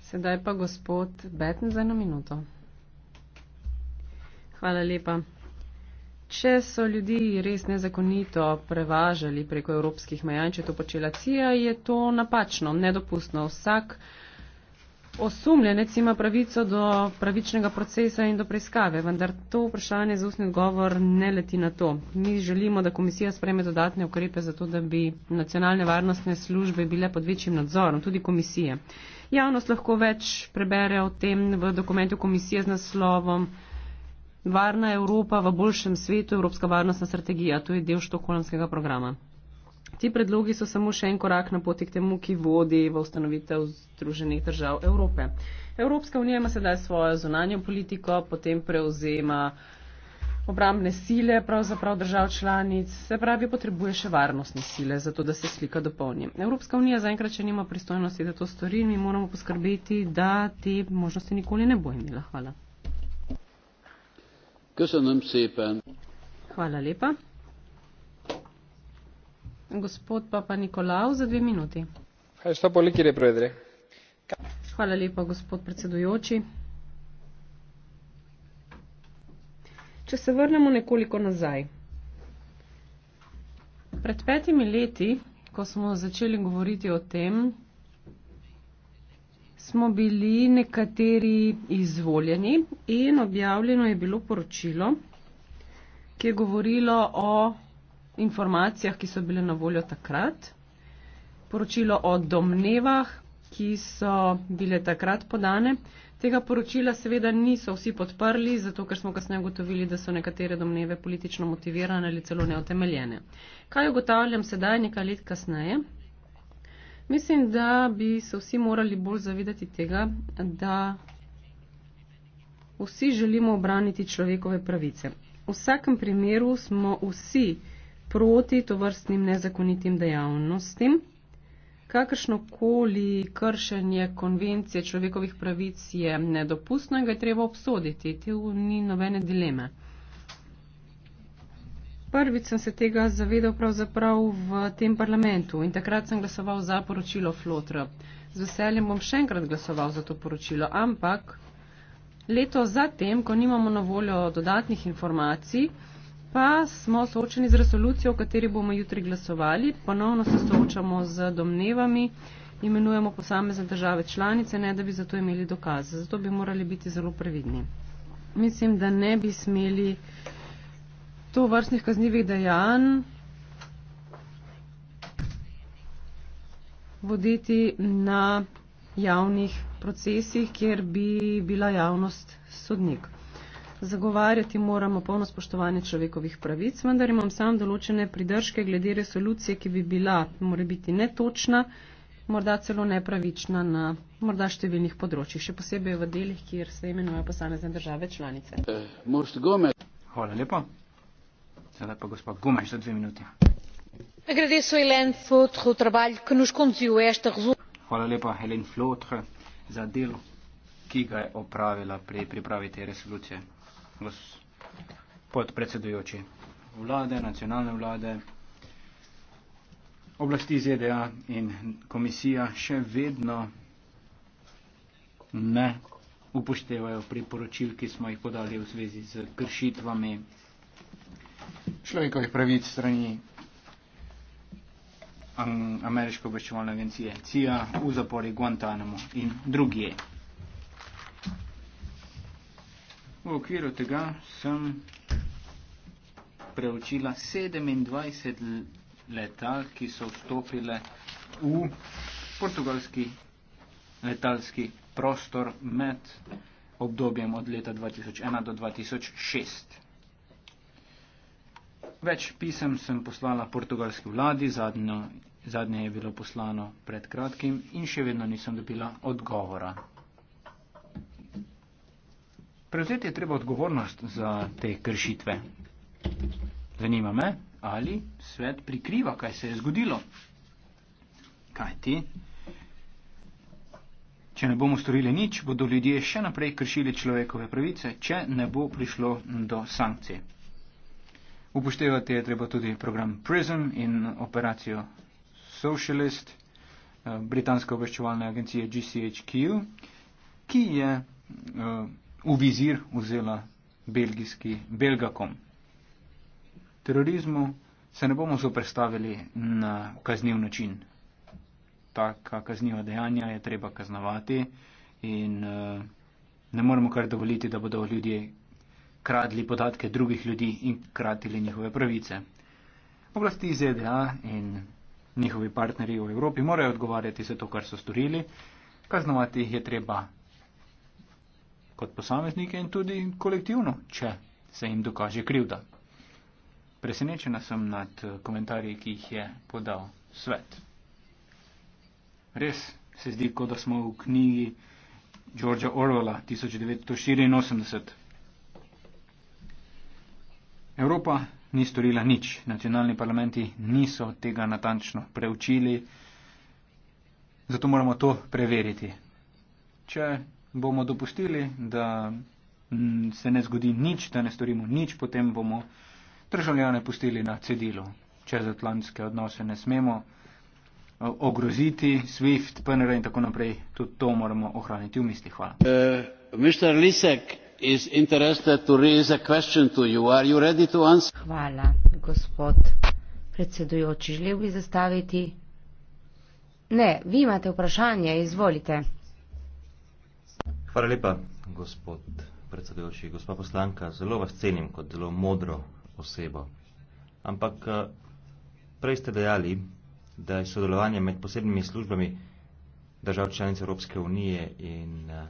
Sedaj pa gospod Beten za eno minuto. Hvala lepa. Če so ljudi res nezakonito prevažali preko evropskih meja in če to počela CIA, je to napačno, nedopustno. Vsak osumljenec ima pravico do pravičnega procesa in do preiskave, vendar to vprašanje za ustni odgovor ne leti na to. Mi želimo, da komisija spreme dodatne ukrepe za to, da bi nacionalne varnostne službe bile pod večjim nadzorom, tudi komisije. Javnost lahko več prebere o tem v dokumentu komisije z naslovom Varna Evropa v boljšem svetu, Evropska varnostna strategija, to je del štokholmskega programa. Ti predlogi so samo še en korak na poti k temu, ki vodi v ustanovitev Združenih držav Evrope. Evropska unija ima sedaj svojo zunanjo politiko, potem prevzema obrambne sile, pravzaprav držav članic, se pravi, potrebuje še varnostne sile, zato da se slika dopolni. Evropska unija zaenkrat še nima pristojnosti, da to stori in mi moramo poskrbeti, da te možnosti nikoli ne bo imela. Hvala. Köszönöm szépen. Hvala lepa. Gospod Papa Nikolaov za dve minuti. Hvala lepa, gospod predsedujoči. Če se vrnemo nekoliko nazaj. Pred petimi leti, ko smo začeli govoriti o tem, smo bili nekateri izvoljeni in objavljeno je bilo poročilo, ki je govorilo o informacijah, ki so bile na voljo takrat, poročilo o domnevah, ki so bile takrat podane. Tega poročila seveda niso vsi podprli, zato ker smo kasneje ugotovili, da so nekatere domneve politično motivirane ali celo neotemeljene. Kaj ugotavljam sedaj, nekaj let kasneje? Mislim, da bi se vsi morali bolj zavedati tega, da vsi želimo obraniti človekove pravice. V vsakem primeru smo vsi proti tovrstnim nezakonitim dejavnostim. Kakršnokoli kršenje konvencije človekovih pravic je nedopustno in ga je treba obsoditi. Tu ni nobene dileme. Prvič sem se tega zavedal pravzaprav v tem parlamentu in takrat sem glasoval za poročilo Flotra. Z veseljem bom še enkrat glasoval za to poročilo, ampak leto zatem, ko nimamo na voljo dodatnih informacij, pa smo soočeni z resolucijo, o kateri bomo jutri glasovali. Ponovno se soočamo z domnevami, imenujemo posamezne države članice, ne da bi zato imeli dokaze. Zato bi morali biti zelo previdni. Mislim, da ne bi smeli to vrstnih kaznjivih dejanj voditi na javnih procesih, kjer bi bila javnost sodnika zagovarjati moramo polno spoštovanje človekovih pravic, vendar imam sam določene pridržke glede resolucije, ki bi bila, mora biti netočna, morda celo nepravična na morda številnih področjih, še posebej v delih, kjer se imenujejo posamezne države članice. Eh, Hvala lepa. Sedaj pa gospod Gumeš za dve minuti. Hvala lepa Helen Flotr za delo, ki ga je opravila pri pripravi te resolucije podpredsedujoči vlade, nacionalne vlade, oblasti ZDA in komisija še vedno ne upoštevajo priporočil, ki smo jih podali v zvezi z kršitvami človekovih pravic strani ameriške obveščevalne agencije CIA v zapori Guantanamo in drugi. V okviru tega sem preučila 27 letal, ki so vstopile v portugalski letalski prostor med obdobjem od leta 2001 do 2006. Več pisem sem poslala portugalski vladi, zadnjo, zadnje je bilo poslano pred kratkim in še vedno nisem dobila odgovora. Prevzeti je treba odgovornost za te kršitve. Zanima me, ali svet prikriva, kaj se je zgodilo. Kaj ti? Če ne bomo storili nič, bodo ljudje še naprej kršili človekove pravice, če ne bo prišlo do sankcij. Upoštevati je treba tudi program PRISM in operacijo Socialist eh, britanske obveščevalne agencije GCHQ, ki je eh, v vizir vzela belgijski Belgakom. Terorizmu se ne bomo zoprestavili na kazniv način. Taka kazniva dejanja je treba kaznovati in eh, ne moremo kar dovoliti, da bodo ljudje kradli podatke drugih ljudi in kratili njihove pravice. Oblasti ZDA in njihovi partnerji v Evropi morajo odgovarjati za to, kar so storili. Kaznovati jih je treba kot posameznike in tudi kolektivno, če se jim dokaže krivda. Presenečena sem nad eh, komentarji, ki jih je podal svet. Res se zdi, kot da smo v knjigi Georgea Orwella 1984. Evropa ni storila nič, nacionalni parlamenti niso tega natančno preučili, zato moramo to preveriti. Če bomo dopustili, da mm, se ne zgodi nič, da ne storimo nič, potem bomo državljane pustili na cedilu. Čez atlantske odnose ne smemo eh, ogroziti, SWIFT, PNR in tako naprej. Tudi to moramo ohraniti v mislih. Hvala. Eh, Hvala, gospod predsedujoči. Želel bi zastaviti. Ne, vi imate vprašanje, izvolite. Hvala lepa, gospod predsedujoči. Gospa poslanka, zelo vas cenim kot zelo modro osebo. Ampak eh, prej ste dejali, da je sodelovanje med posebnimi službami držav članic Evropske unije in eh,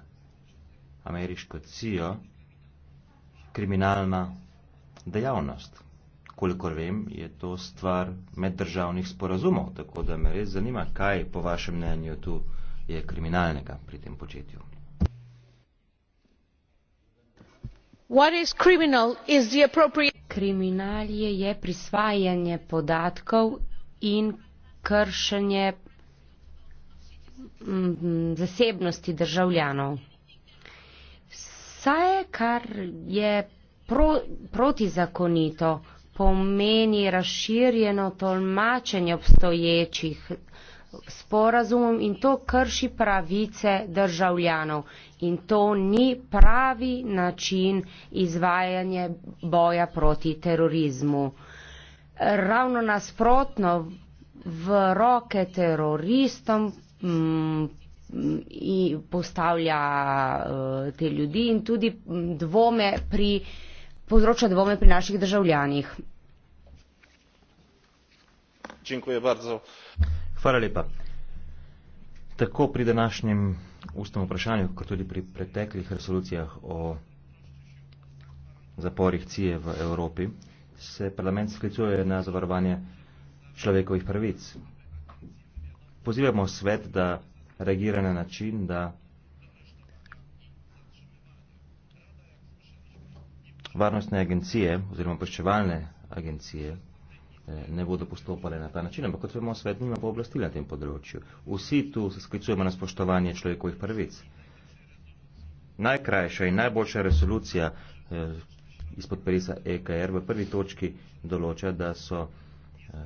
ameriško CIO kriminalna dejavnost. Kolikor vem, je to stvar meddržavnih sporazumov, tako da me res zanima, kaj po vašem mnenju tu je kriminalnega pri tem početju. kriminal je prisvajanje podatkov in kršenje mm, zasebnosti državljanov. Vse, kar je pro, protizakonito, pomeni razširjeno tolmačenje obstoječih sporazumom in to krši pravice državljanov. In to ni pravi način izvajanja boja proti terorizmu. Ravno nasprotno, v roke teroristom m, mm, m, postavlja eh, te ljudi in tudi dvome pri, povzroča dvome pri naših državljanih. Dziękuję bardzo. Hvala lepa. Tako pri današnjem ustnem vprašanju, kot tudi pri preteklih resolucijah o zaporih CIE v Evropi, se parlament sklicuje na zavarovanje človekovih pravic. Pozivamo svet, da reagira na način, da varnostne agencije oziroma poščevalne agencije Eh, ne bodo postopale na ta način, ampak kot vemo, svet nima pooblastila na tem področju. Vsi tu se sklicujemo na spoštovanje človekovih prvic. Najkrajša in najboljša resolucija eh, izpod perisa EKR v prvi točki določa, da so eh,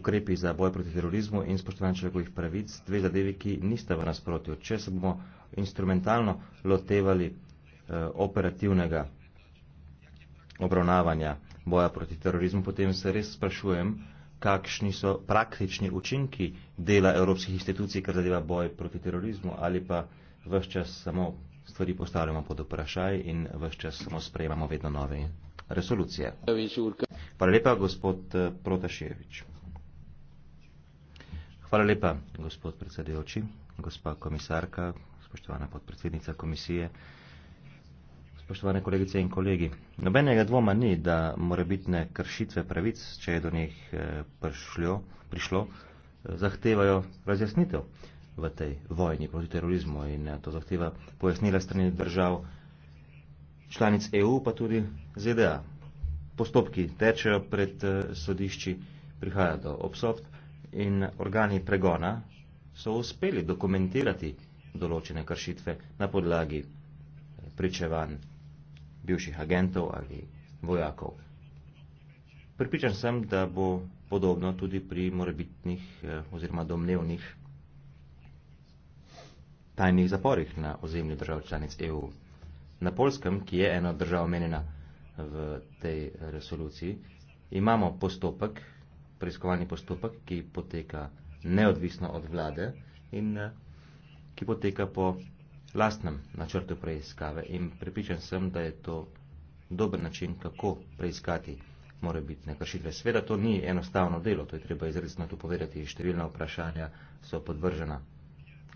ukrepi za boj proti terorizmu in spoštovanje človekovih pravic dve zadevi, ki nista v nasprotju. Če se bomo instrumentalno lotevali eh, operativnega obravnavanja boja proti terorizmu, potem se res sprašujem, kakšni so praktični učinki dela evropskih institucij, kar zadeva boj proti terorizmu, ali pa vse čas samo stvari postavljamo pod vprašaj in vse čas samo sprejemamo vedno nove resolucije. Hvala lepa, gospod eh, Protaševič. Hvala lepa, gospod predsedujoči, gospa komisarka, spoštovana podpredsednica komisije. Poštovane kolegice in kolegi, nobenega dvoma ni, da morebitne kršitve pravic, če je do njih eh, prišlo, prišlo eh, zahtevajo razjasnitev v tej vojni proti terorizmu in eh, to zahteva pojasnila strani držav članic EU, pa tudi ZDA. Postopki tečejo pred sodišči, prihaja do obsoft in organi pregona so uspeli dokumentirati določene kršitve na podlagi pričevanj bivših agentov ali vojakov. Pripričan sem, da bo podobno tudi pri morebitnih eh, oziroma domnevnih tajnih zaporih na ozemlju držav članic EU. Na Polskem, ki je ena od držav omenjena v tej resoluciji, imamo postopek, preiskovalni postopek, ki poteka neodvisno od vlade in eh, ki poteka po lastnem načrtu preiskave in pripričan sem, da je to dober način, kako preiskati more biti nekršitve. Sveda to ni enostavno delo, to je treba izredno tu povedati. Številna vprašanja so podvržena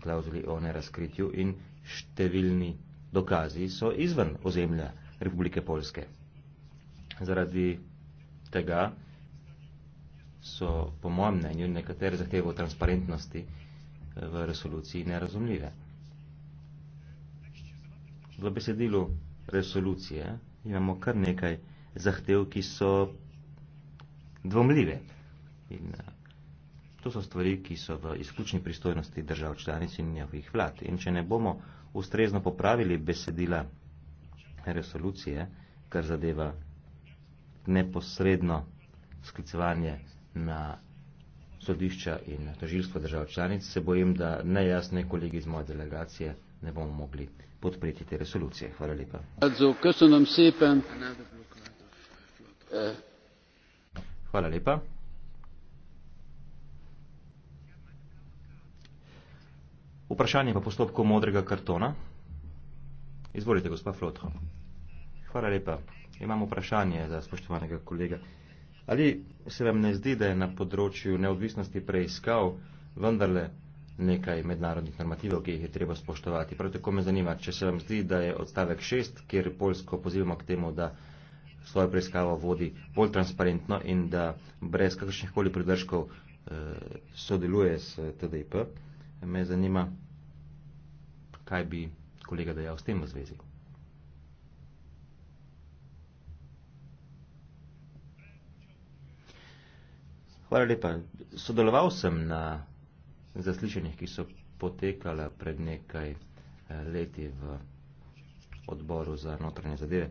klauzuli o nerazkritju in številni dokazi so izven ozemlja Republike Polske. Zaradi tega so po mojem mnenju nekatere zahteve o transparentnosti v resoluciji nerazumljive v besedilu resolucije imamo kar nekaj zahtev, ki so dvomljive. In eh, to so stvari, ki so v izključni pristojnosti držav članic in njihovih vlad. In če ne bomo ustrezno popravili besedila resolucije, kar zadeva neposredno sklicevanje na sodišča in tožilstvo držav članic, se bojim, da nejasne kolegi iz moje delegacije ne bomo mogli podpreti te resolucije. Hvala lepa. Hvala lepa. Vprašanje pa postopku modrega kartona. Izvolite, gospod Flotho. Hvala lepa. Imam vprašanje za spoštovanega kolega. Ali se vam ne zdi, da je na področju neodvisnosti preiskav vendarle nekaj mednarodnih normativov, ki jih je treba spoštovati. Prav tako me zanima, če se vam zdi, da je odstavek 6, kjer Poljsko pozivamo k temu, da svojo preiskavo vodi bolj transparentno in da brez kakršnih koli pridržkov eh, sodeluje s TDIP, me zanima, kaj bi kolega dejal s tem v zvezi. Hvala lepa. Sodeloval sem na zaslišanjih, ki so potekala pred nekaj eh, leti v odboru za notranje zadeve.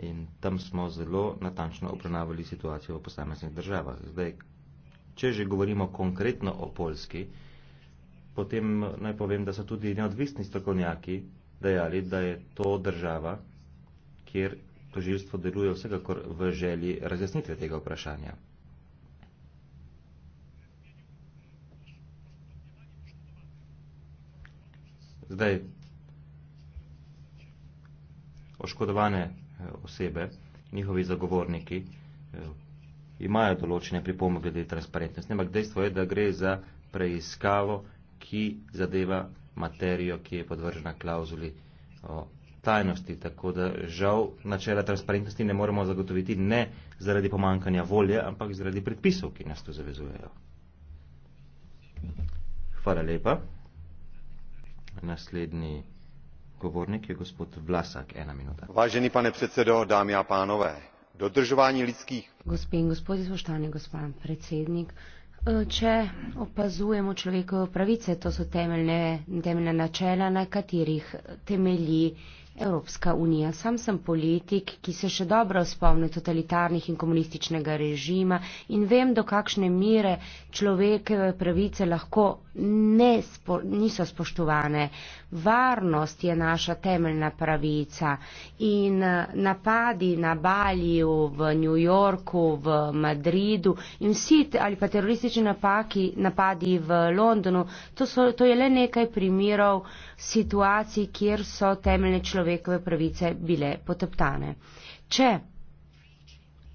In tam smo zelo natančno obravnavali situacijo v posameznih državah. Zdaj, če že govorimo konkretno o Polski, potem naj povem, da so tudi neodvisni strokovnjaki dejali, da je to država, kjer tožilstvo deluje vsekakor v želji razjasnitve tega vprašanja. Zdaj, oškodovane eh, osebe, njihovi zagovorniki eh, imajo določene pripombe glede transparentnosti, ampak dejstvo je, da gre za preiskavo, ki zadeva materijo, ki je podvržena klauzuli o tajnosti. Tako da žal načela transparentnosti ne moremo zagotoviti ne zaradi pomankanja volje, ampak zaradi predpisov, ki nas tu zavezujejo. Hvala lepa. Naslední govornik je gospod Vlasak, ena minuta. Vážený pane předsedo, dámy a pánové, dodržování lidských... Gospod in gospodi, spoštovani gospod predsednik, eh, če opazujemo človekove pravice, to so temeljne, temeljne načela, na katerih eh, temelji Evropska unija. Sam sem politik, ki se še dobro spomne totalitarnih in komunističnega režima in vem, do kakšne mire človekove pravice lahko ne spo, niso spoštovane. Varnost je naša temeljna pravica in eh, napadi na Baliju, v New Yorku, v Madridu in vsi ali pa teroristični napaki, napadi v Londonu, to, so, to je le nekaj primerov situacij, kjer so temeljne človekove človekove pravice bile poteptane. Če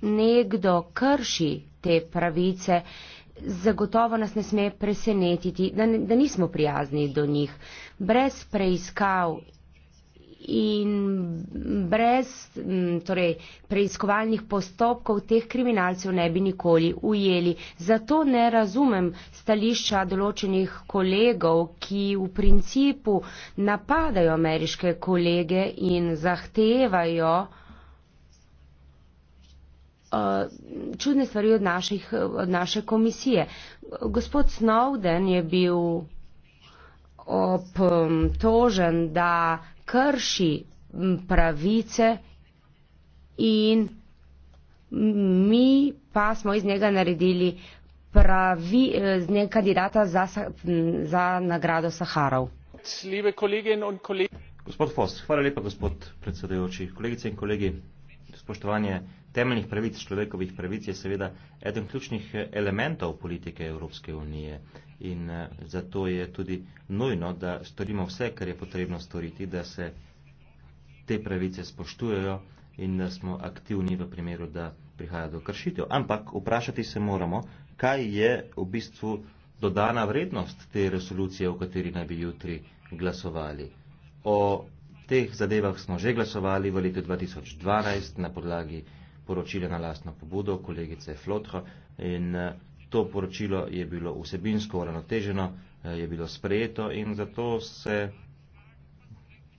nekdo krši te pravice, zagotovo nas ne sme presenetiti, da, ne, da nismo prijazni do njih. Brez preiskav in brez torej, preiskovalnih postopkov teh kriminalcev ne bi nikoli ujeli. Zato ne razumem stališča določenih kolegov, ki v principu napadajo ameriške kolege in zahtevajo eh, čudne stvari od, naših, od naše komisije. Gospod Snowden je bil obtožen, da krši pravice in mi pa smo iz njega naredili pravi, eh, z njega kandidata za, za nagrado Saharov. Gospod Fos, hvala lepa gospod predsedujoči, kolegice in kolegi spoštovanje temeljnih pravic, človekovih pravic je seveda eden ključnih eh, elementov politike Evropske unije in eh, zato je tudi nujno, da storimo vse, kar je potrebno storiti, da se te pravice spoštujejo in da smo aktivni v primeru, da prihaja do kršitev. Ampak vprašati se moramo, kaj je v bistvu dodana vrednost te resolucije, o kateri naj bi jutri glasovali. O teh zadevah smo že glasovali v letu 2012 na podlagi poročila na lastno pobudo kolegice Flotro in eh, to poročilo je bilo vsebinsko uravnoteženo, eh, je bilo sprejeto in zato se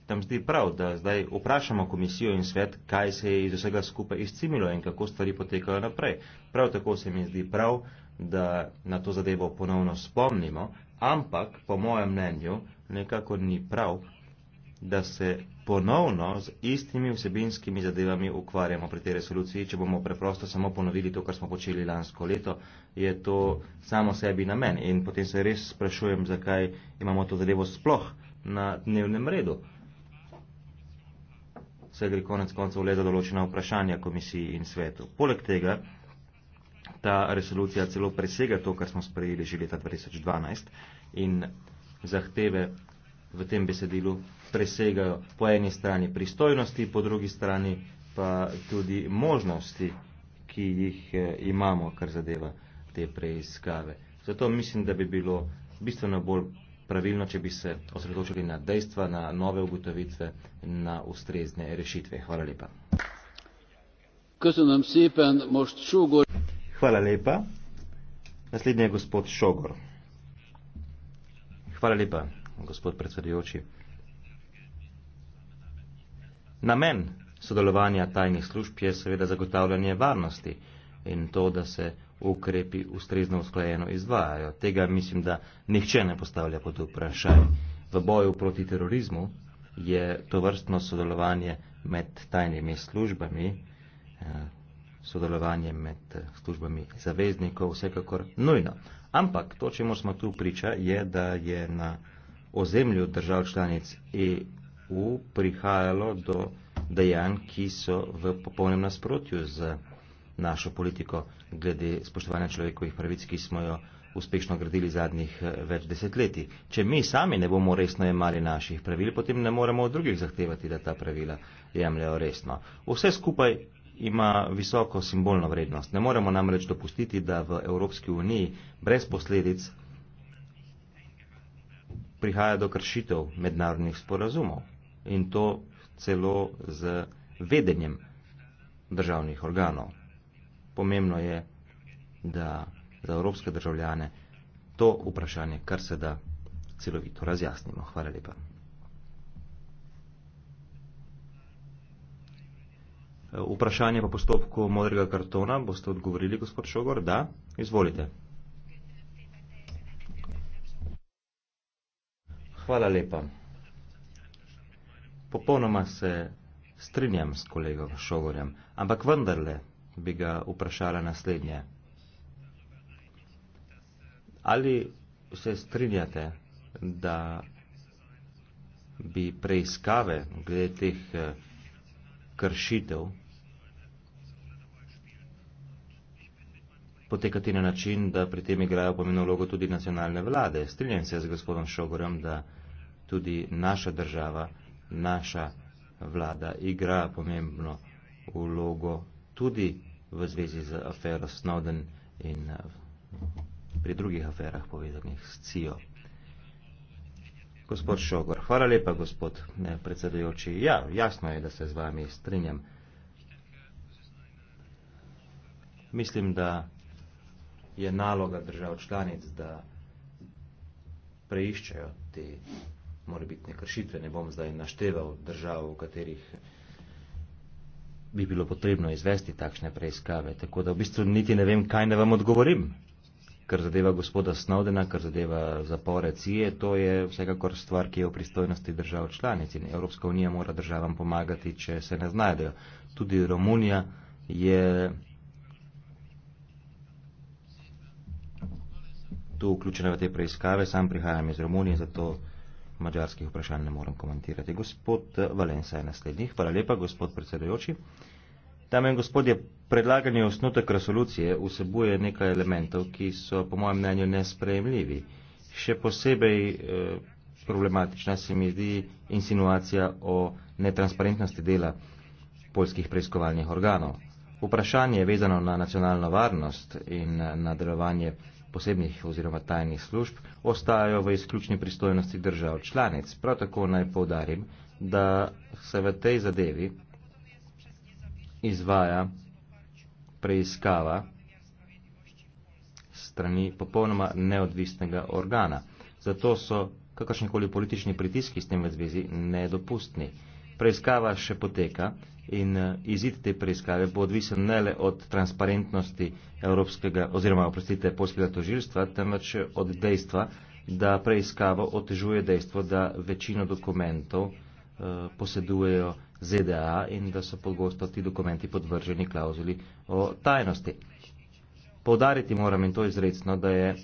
tam zdi prav, da zdaj vprašamo komisijo in svet, kaj se je iz vsega skupaj izcimilo in kako stvari potekajo naprej. Prav tako se mi zdi prav, da na to zadevo ponovno spomnimo, ampak po mojem mnenju nekako ni prav, da se ponovno z istimi vsebinskimi zadevami ukvarjamo pri tej resoluciji. Če bomo preprosto samo ponovili to, kar smo počeli lansko leto, je to samo sebi namen. In potem se res sprašujem, zakaj imamo to zadevo sploh na dnevnem redu. Vse gre konec koncev le za določena vprašanja komisiji in svetu. Poleg tega, ta resolucija celo presega to, kar smo sprejeli že leta 2012 in zahteve v tem besedilu presegajo po eni strani pristojnosti, po drugi strani pa tudi možnosti, ki jih eh, imamo, kar zadeva te preiskave. Zato mislim, da bi bilo bistveno bolj pravilno, če bi se osredočili na dejstva, na nove ugotovitve, na ustrezne rešitve. Hvala lepa. Hvala lepa. Naslednji je gospod Šogor. Hvala lepa, gospod predsedujoči. Namen sodelovanja tajnih služb je seveda zagotavljanje varnosti in to, da se ukrepi ustrezno usklajeno izvajajo. Tega mislim, da nihče ne postavlja pod vprašanje. V boju proti terorizmu je to vrstno sodelovanje med tajnimi službami, eh, sodelovanje med eh, službami zaveznikov vsekakor nujno. Ampak to, čemu smo tu priča, je, da je na ozemlju držav članic EU U prihajalo do dejanj, ki so v popolnem nasprotju z našo politiko glede spoštovanja človekovih pravic, ki smo jo uspešno gradili zadnjih eh, več desetletij. Če mi sami ne bomo resno jemali naših pravil, potem ne moremo od drugih zahtevati, da ta pravila jemljajo resno. Vse skupaj ima visoko simbolno vrednost. Ne moremo namreč dopustiti, da v Evropski uniji brez posledic prihaja do kršitev mednarodnih sporazumov in to celo z vedenjem državnih organov. Pomembno je, da za evropske državljane to vprašanje kar se da celovito razjasnimo. Hvala lepa. Vprašanje pa postopku modrega kartona. Boste odgovorili, gospod Šogor? Da. Izvolite. Hvala lepa. Popolnoma se strinjam s kolegom Šogorjem, ampak vendarle bi ga vprašala naslednje. Ali se strinjate, da bi preiskave glede teh eh, kršitev potekati na način, da pri tem igrajo pomembno vlogo tudi nacionalne vlade? Strinjam se z gospodom Šogorjem, da tudi naša država naša vlada igra pomembno vlogo tudi v zvezi z afero Snowden in eh, pri drugih aferah povezanih s CIO. Gospod Šogor, hvala lepa, gospod ne, eh, predsedujoči. Ja, jasno je, da se z vami strinjam. Mislim, da je naloga držav članic, da preiščejo te morebitne kršitve. Ne bom zdaj našteval držav, v katerih bi bilo potrebno izvesti takšne preiskave. Tako da v bistvu niti ne vem, kaj ne vam odgovorim. Kar zadeva gospoda Snowdena, kar zadeva zapore CIE, to je vsekakor stvar, ki je v pristojnosti držav članic. In Evropska unija mora državam pomagati, če se ne znajdejo. Tudi Romunija je tu vključena v te preiskave. Sam prihajam iz Romunije, zato mađarskih vprašanj ne morem komentirati. Gospod Valensa je naslednji. Hvala lepa, gospod predsedajoči. Dame in gospodje, predlaganje osnutek resolucije vsebuje nekaj elementov, ki so po mojem mnenju nesprejemljivi. Še posebej eh, problematična se mi zdi insinuacija o netransparentnosti dela polskih preiskovalnih organov. Vprašanje vezano na nacionalno varnost in eh, na delovanje posebnih oziroma tajnih služb ostajajo v izključni pristojnosti držav članic. Prav tako naj povdarim, da se v tej zadevi izvaja preiskava strani popolnoma neodvisnega organa. Zato so kakršnikoli politični pritiski s tem v zvezi nedopustni. Preiskava še poteka in eh, izid te preiskave bo odvisen ne le od transparentnosti evropskega oziroma oprostite polskega tožilstva, temveč od dejstva, da preiskava otežuje dejstvo, da večino dokumentov eh, posedujejo ZDA in da so pogosto ti dokumenti podvrženi klauzuli o tajnosti. Povdariti moram in to izredno, da je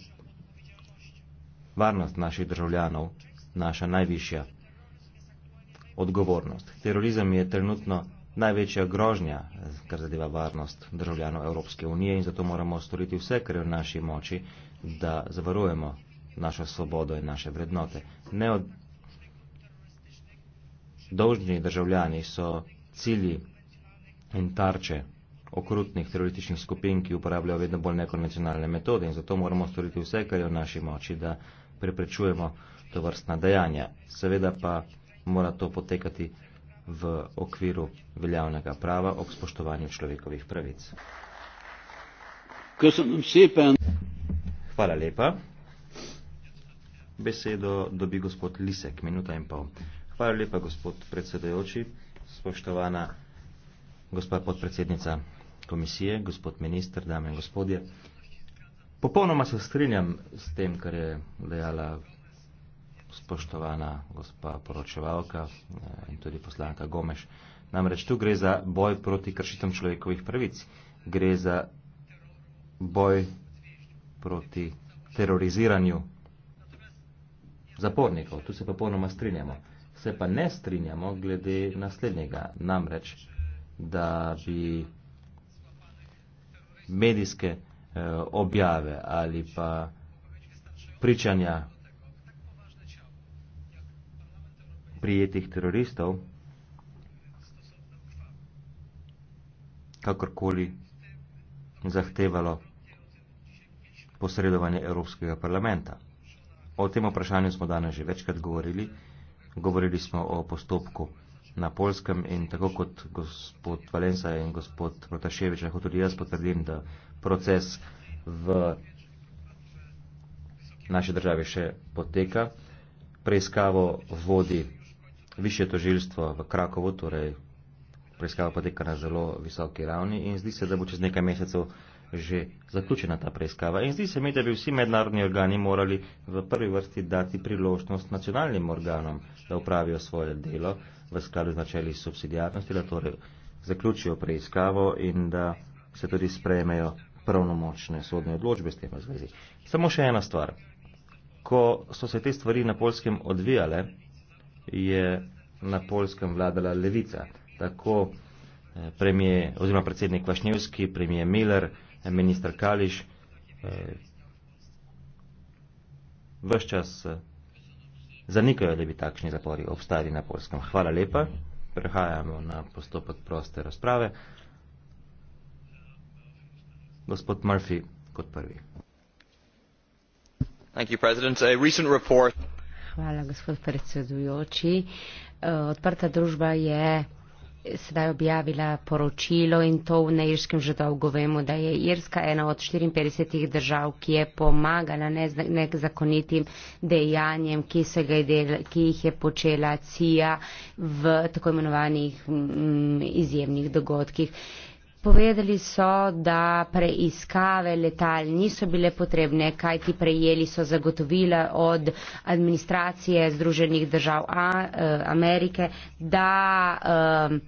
varnost naših državljanov naša najvišja odgovornost. Terorizem je trenutno največja grožnja, kar zadeva varnost državljanov Evropske unije in zato moramo storiti vse, kar je v naši moči, da zavarujemo našo svobodo in naše vrednote. Neod... Dolžni državljani so cilji in tarče okrutnih terorističnih skupin, ki uporabljajo vedno bolj nekonvencionalne metode in zato moramo storiti vse, kar je v naši moči, da preprečujemo to vrstna dejanja. Seveda pa mora to potekati v okviru veljavnega prava ob spoštovanju človekovih pravic. Hvala lepa. Besedo dobi gospod Lisek, minuta in pol. Hvala lepa, gospod predsedajoči, spoštovana gospa podpredsednica komisije, gospod minister, dame in gospodje. Popolnoma se strinjam s tem, kar je dejala spoštovana gospa poročevalka eh, in tudi poslanka Gomeš. Namreč tu gre za boj proti kršitem človekovih pravic. Gre za boj proti teroriziranju zapornikov. Tu se pa polnoma strinjamo. Se pa ne strinjamo glede naslednjega. Namreč, da bi medijske eh, objave ali pa pričanja prijetih teroristov, kakorkoli zahtevalo posredovanje Evropskega parlamenta. O tem vprašanju smo danes že večkrat govorili. Govorili smo o postopku na Polskem in tako kot gospod Valenca in gospod Protaševič, lahko tudi jaz potrdim, da proces v naši državi še poteka. Preiskavo vodi Više tožilstvo v Krakovu, torej preiskava poteka na zelo visoki ravni in zdi se, da bo čez nekaj mesecev že zaključena ta preiskava. In zdi se mi, da bi vsi mednarodni organi morali v prvi vrsti dati priložnost nacionalnim organom, da upravijo svoje delo v skladu z načeli subsidijarnosti, da torej zaključijo preiskavo in da se tudi sprejmejo pravnomočne sodne odločbe s tem v zvezi. Samo še ena stvar. Ko so se te stvari na polskem odvijale, je na Polskem vladala levica. Tako eh, premije, oziroma predsednik Vašnjevski, premije Miller, eh, minister Kališ, eh, vse čas zanikajo, da bi takšni zapori obstajali na Polskem. Hvala lepa. Prehajamo na postopek proste razprave. Gospod Murphy kot prvi. Thank you, President. A recent report. Hvala, gospod predsedujoči. Eh, odprta družba je sedaj objavila poročilo in to v neirskem že dolgo vemo, da je Irska ena od 54 držav, ki je pomagala nezakonitim dejanjem, ki, del, ki jih je počela CIA v tako imenovanih m, mm, izjemnih dogodkih. Povedali so, da preiskave letal niso bile potrebne, kajti prejeli so zagotovila od administracije Združenih držav eh, Amerike, da. Um,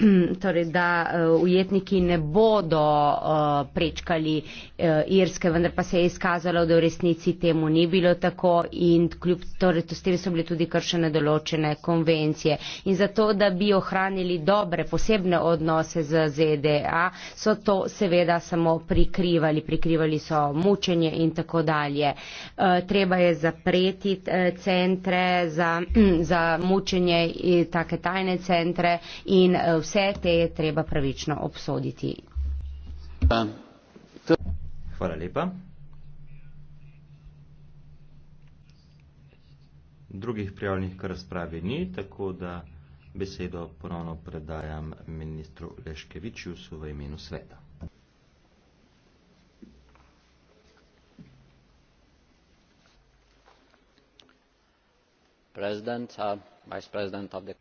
torej, da uh, ujetniki ne bodo uh, prečkali uh, Irske, vendar pa se je izkazalo, da v resnici temu ni bilo tako in kljub torej, to s tem so bile tudi kršene določene konvencije. In zato, da bi ohranili dobre posebne odnose z ZDA, so to seveda samo prikrivali. Prikrivali so mučenje in tako dalje. Uh, treba je zapreti uh, centre za, uh, za mučenje, take tajne centre in uh, vse te je treba pravično obsoditi. Hvala lepa. Drugih prijavljenih k razpravi ni, tako da besedo ponovno predajam ministru Leškeviču v imenu sveta. President, uh, vice president of the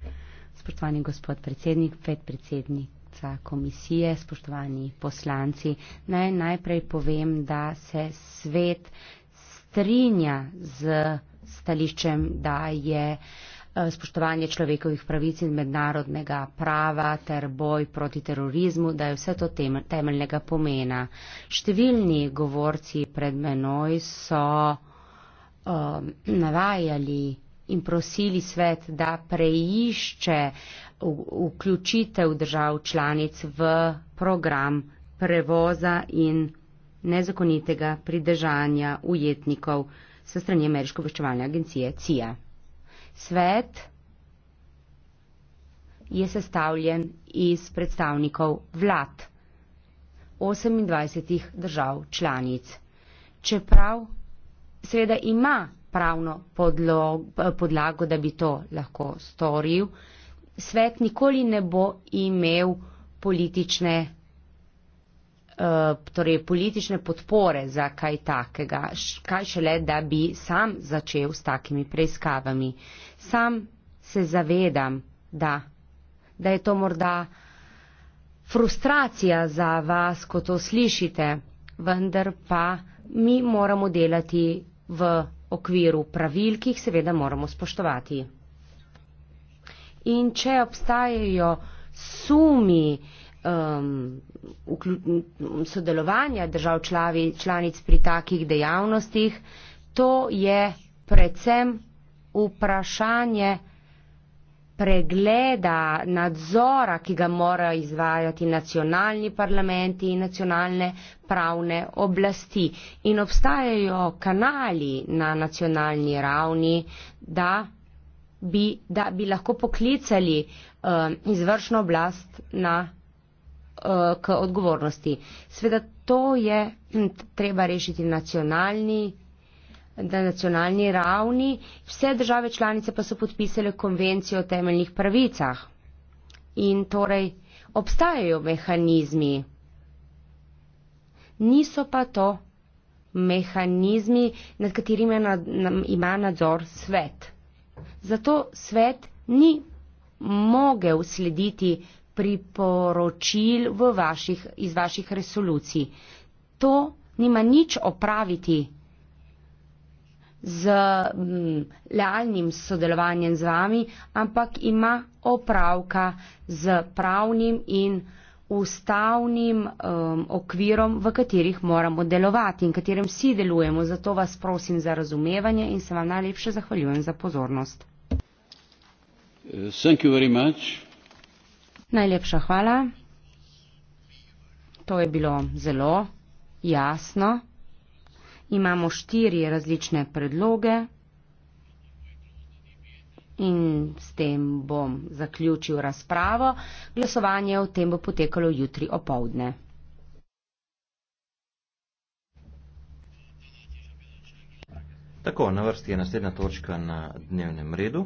spoštovani gospod predsednik, predsednica komisije, spoštovani poslanci. Naj najprej povem, da se svet strinja z stališčem, da je eh, spoštovanje človekovih pravic in mednarodnega prava ter boj proti terorizmu, da je vse to temeljnega pomena. Številni govorci pred menoj so um, navajali in prosili svet, da preišče vključitev držav članic v program prevoza in nezakonitega pridržanja ujetnikov s strani Ameriške obveščevalne agencije CIA. Svet je sestavljen iz predstavnikov vlad 28 držav članic. Čeprav seveda ima pravno podlog, podlago, da bi to lahko storil. Svet nikoli ne bo imel politične, eh, torej politične podpore za kaj takega, kaj šele, da bi sam začel s takimi preiskavami. Sam se zavedam, da, da je to morda frustracija za vas, ko to slišite, vendar pa mi moramo delati v okviru pravil, ki jih seveda moramo spoštovati. In če obstajajo sumi um, sodelovanja držav člavi, članic pri takih dejavnostih, to je predvsem vprašanje, pregleda, nadzora, ki ga morajo izvajati nacionalni parlamenti in nacionalne pravne oblasti. In obstajajo kanali na nacionalni ravni, da bi, da bi lahko poklicali uh, izvršno oblast na, uh, k odgovornosti. Sveda to je hm, treba rešiti nacionalni na nacionalni ravni, vse države članice pa so podpisale konvencijo o temeljnih pravicah. In torej obstajajo mehanizmi, niso pa to mehanizmi, nad katerimi ima nadzor svet. Zato svet ni mogel slediti priporočil vaših, iz vaših resolucij. To nima nič opraviti z m, mm, lealnim sodelovanjem z vami, ampak ima opravka z pravnim in ustavnim um, okvirom, v katerih moramo delovati in katerem vsi delujemo. Zato vas prosim za razumevanje in se vam najlepše zahvaljujem za pozornost. Najlepša hvala. To je bilo zelo jasno imamo štiri različne predloge in s tem bom zaključil razpravo. Glasovanje o tem bo potekalo jutri opovdne. Tako, na vrsti je naslednja točka na dnevnem redu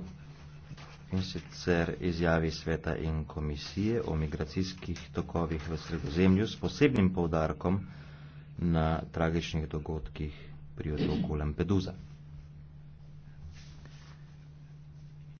in sicer izjavi sveta in komisije o migracijskih tokovih v sredozemlju s posebnim povdarkom na tragičnih dogodkih pri otoku Lampedusa.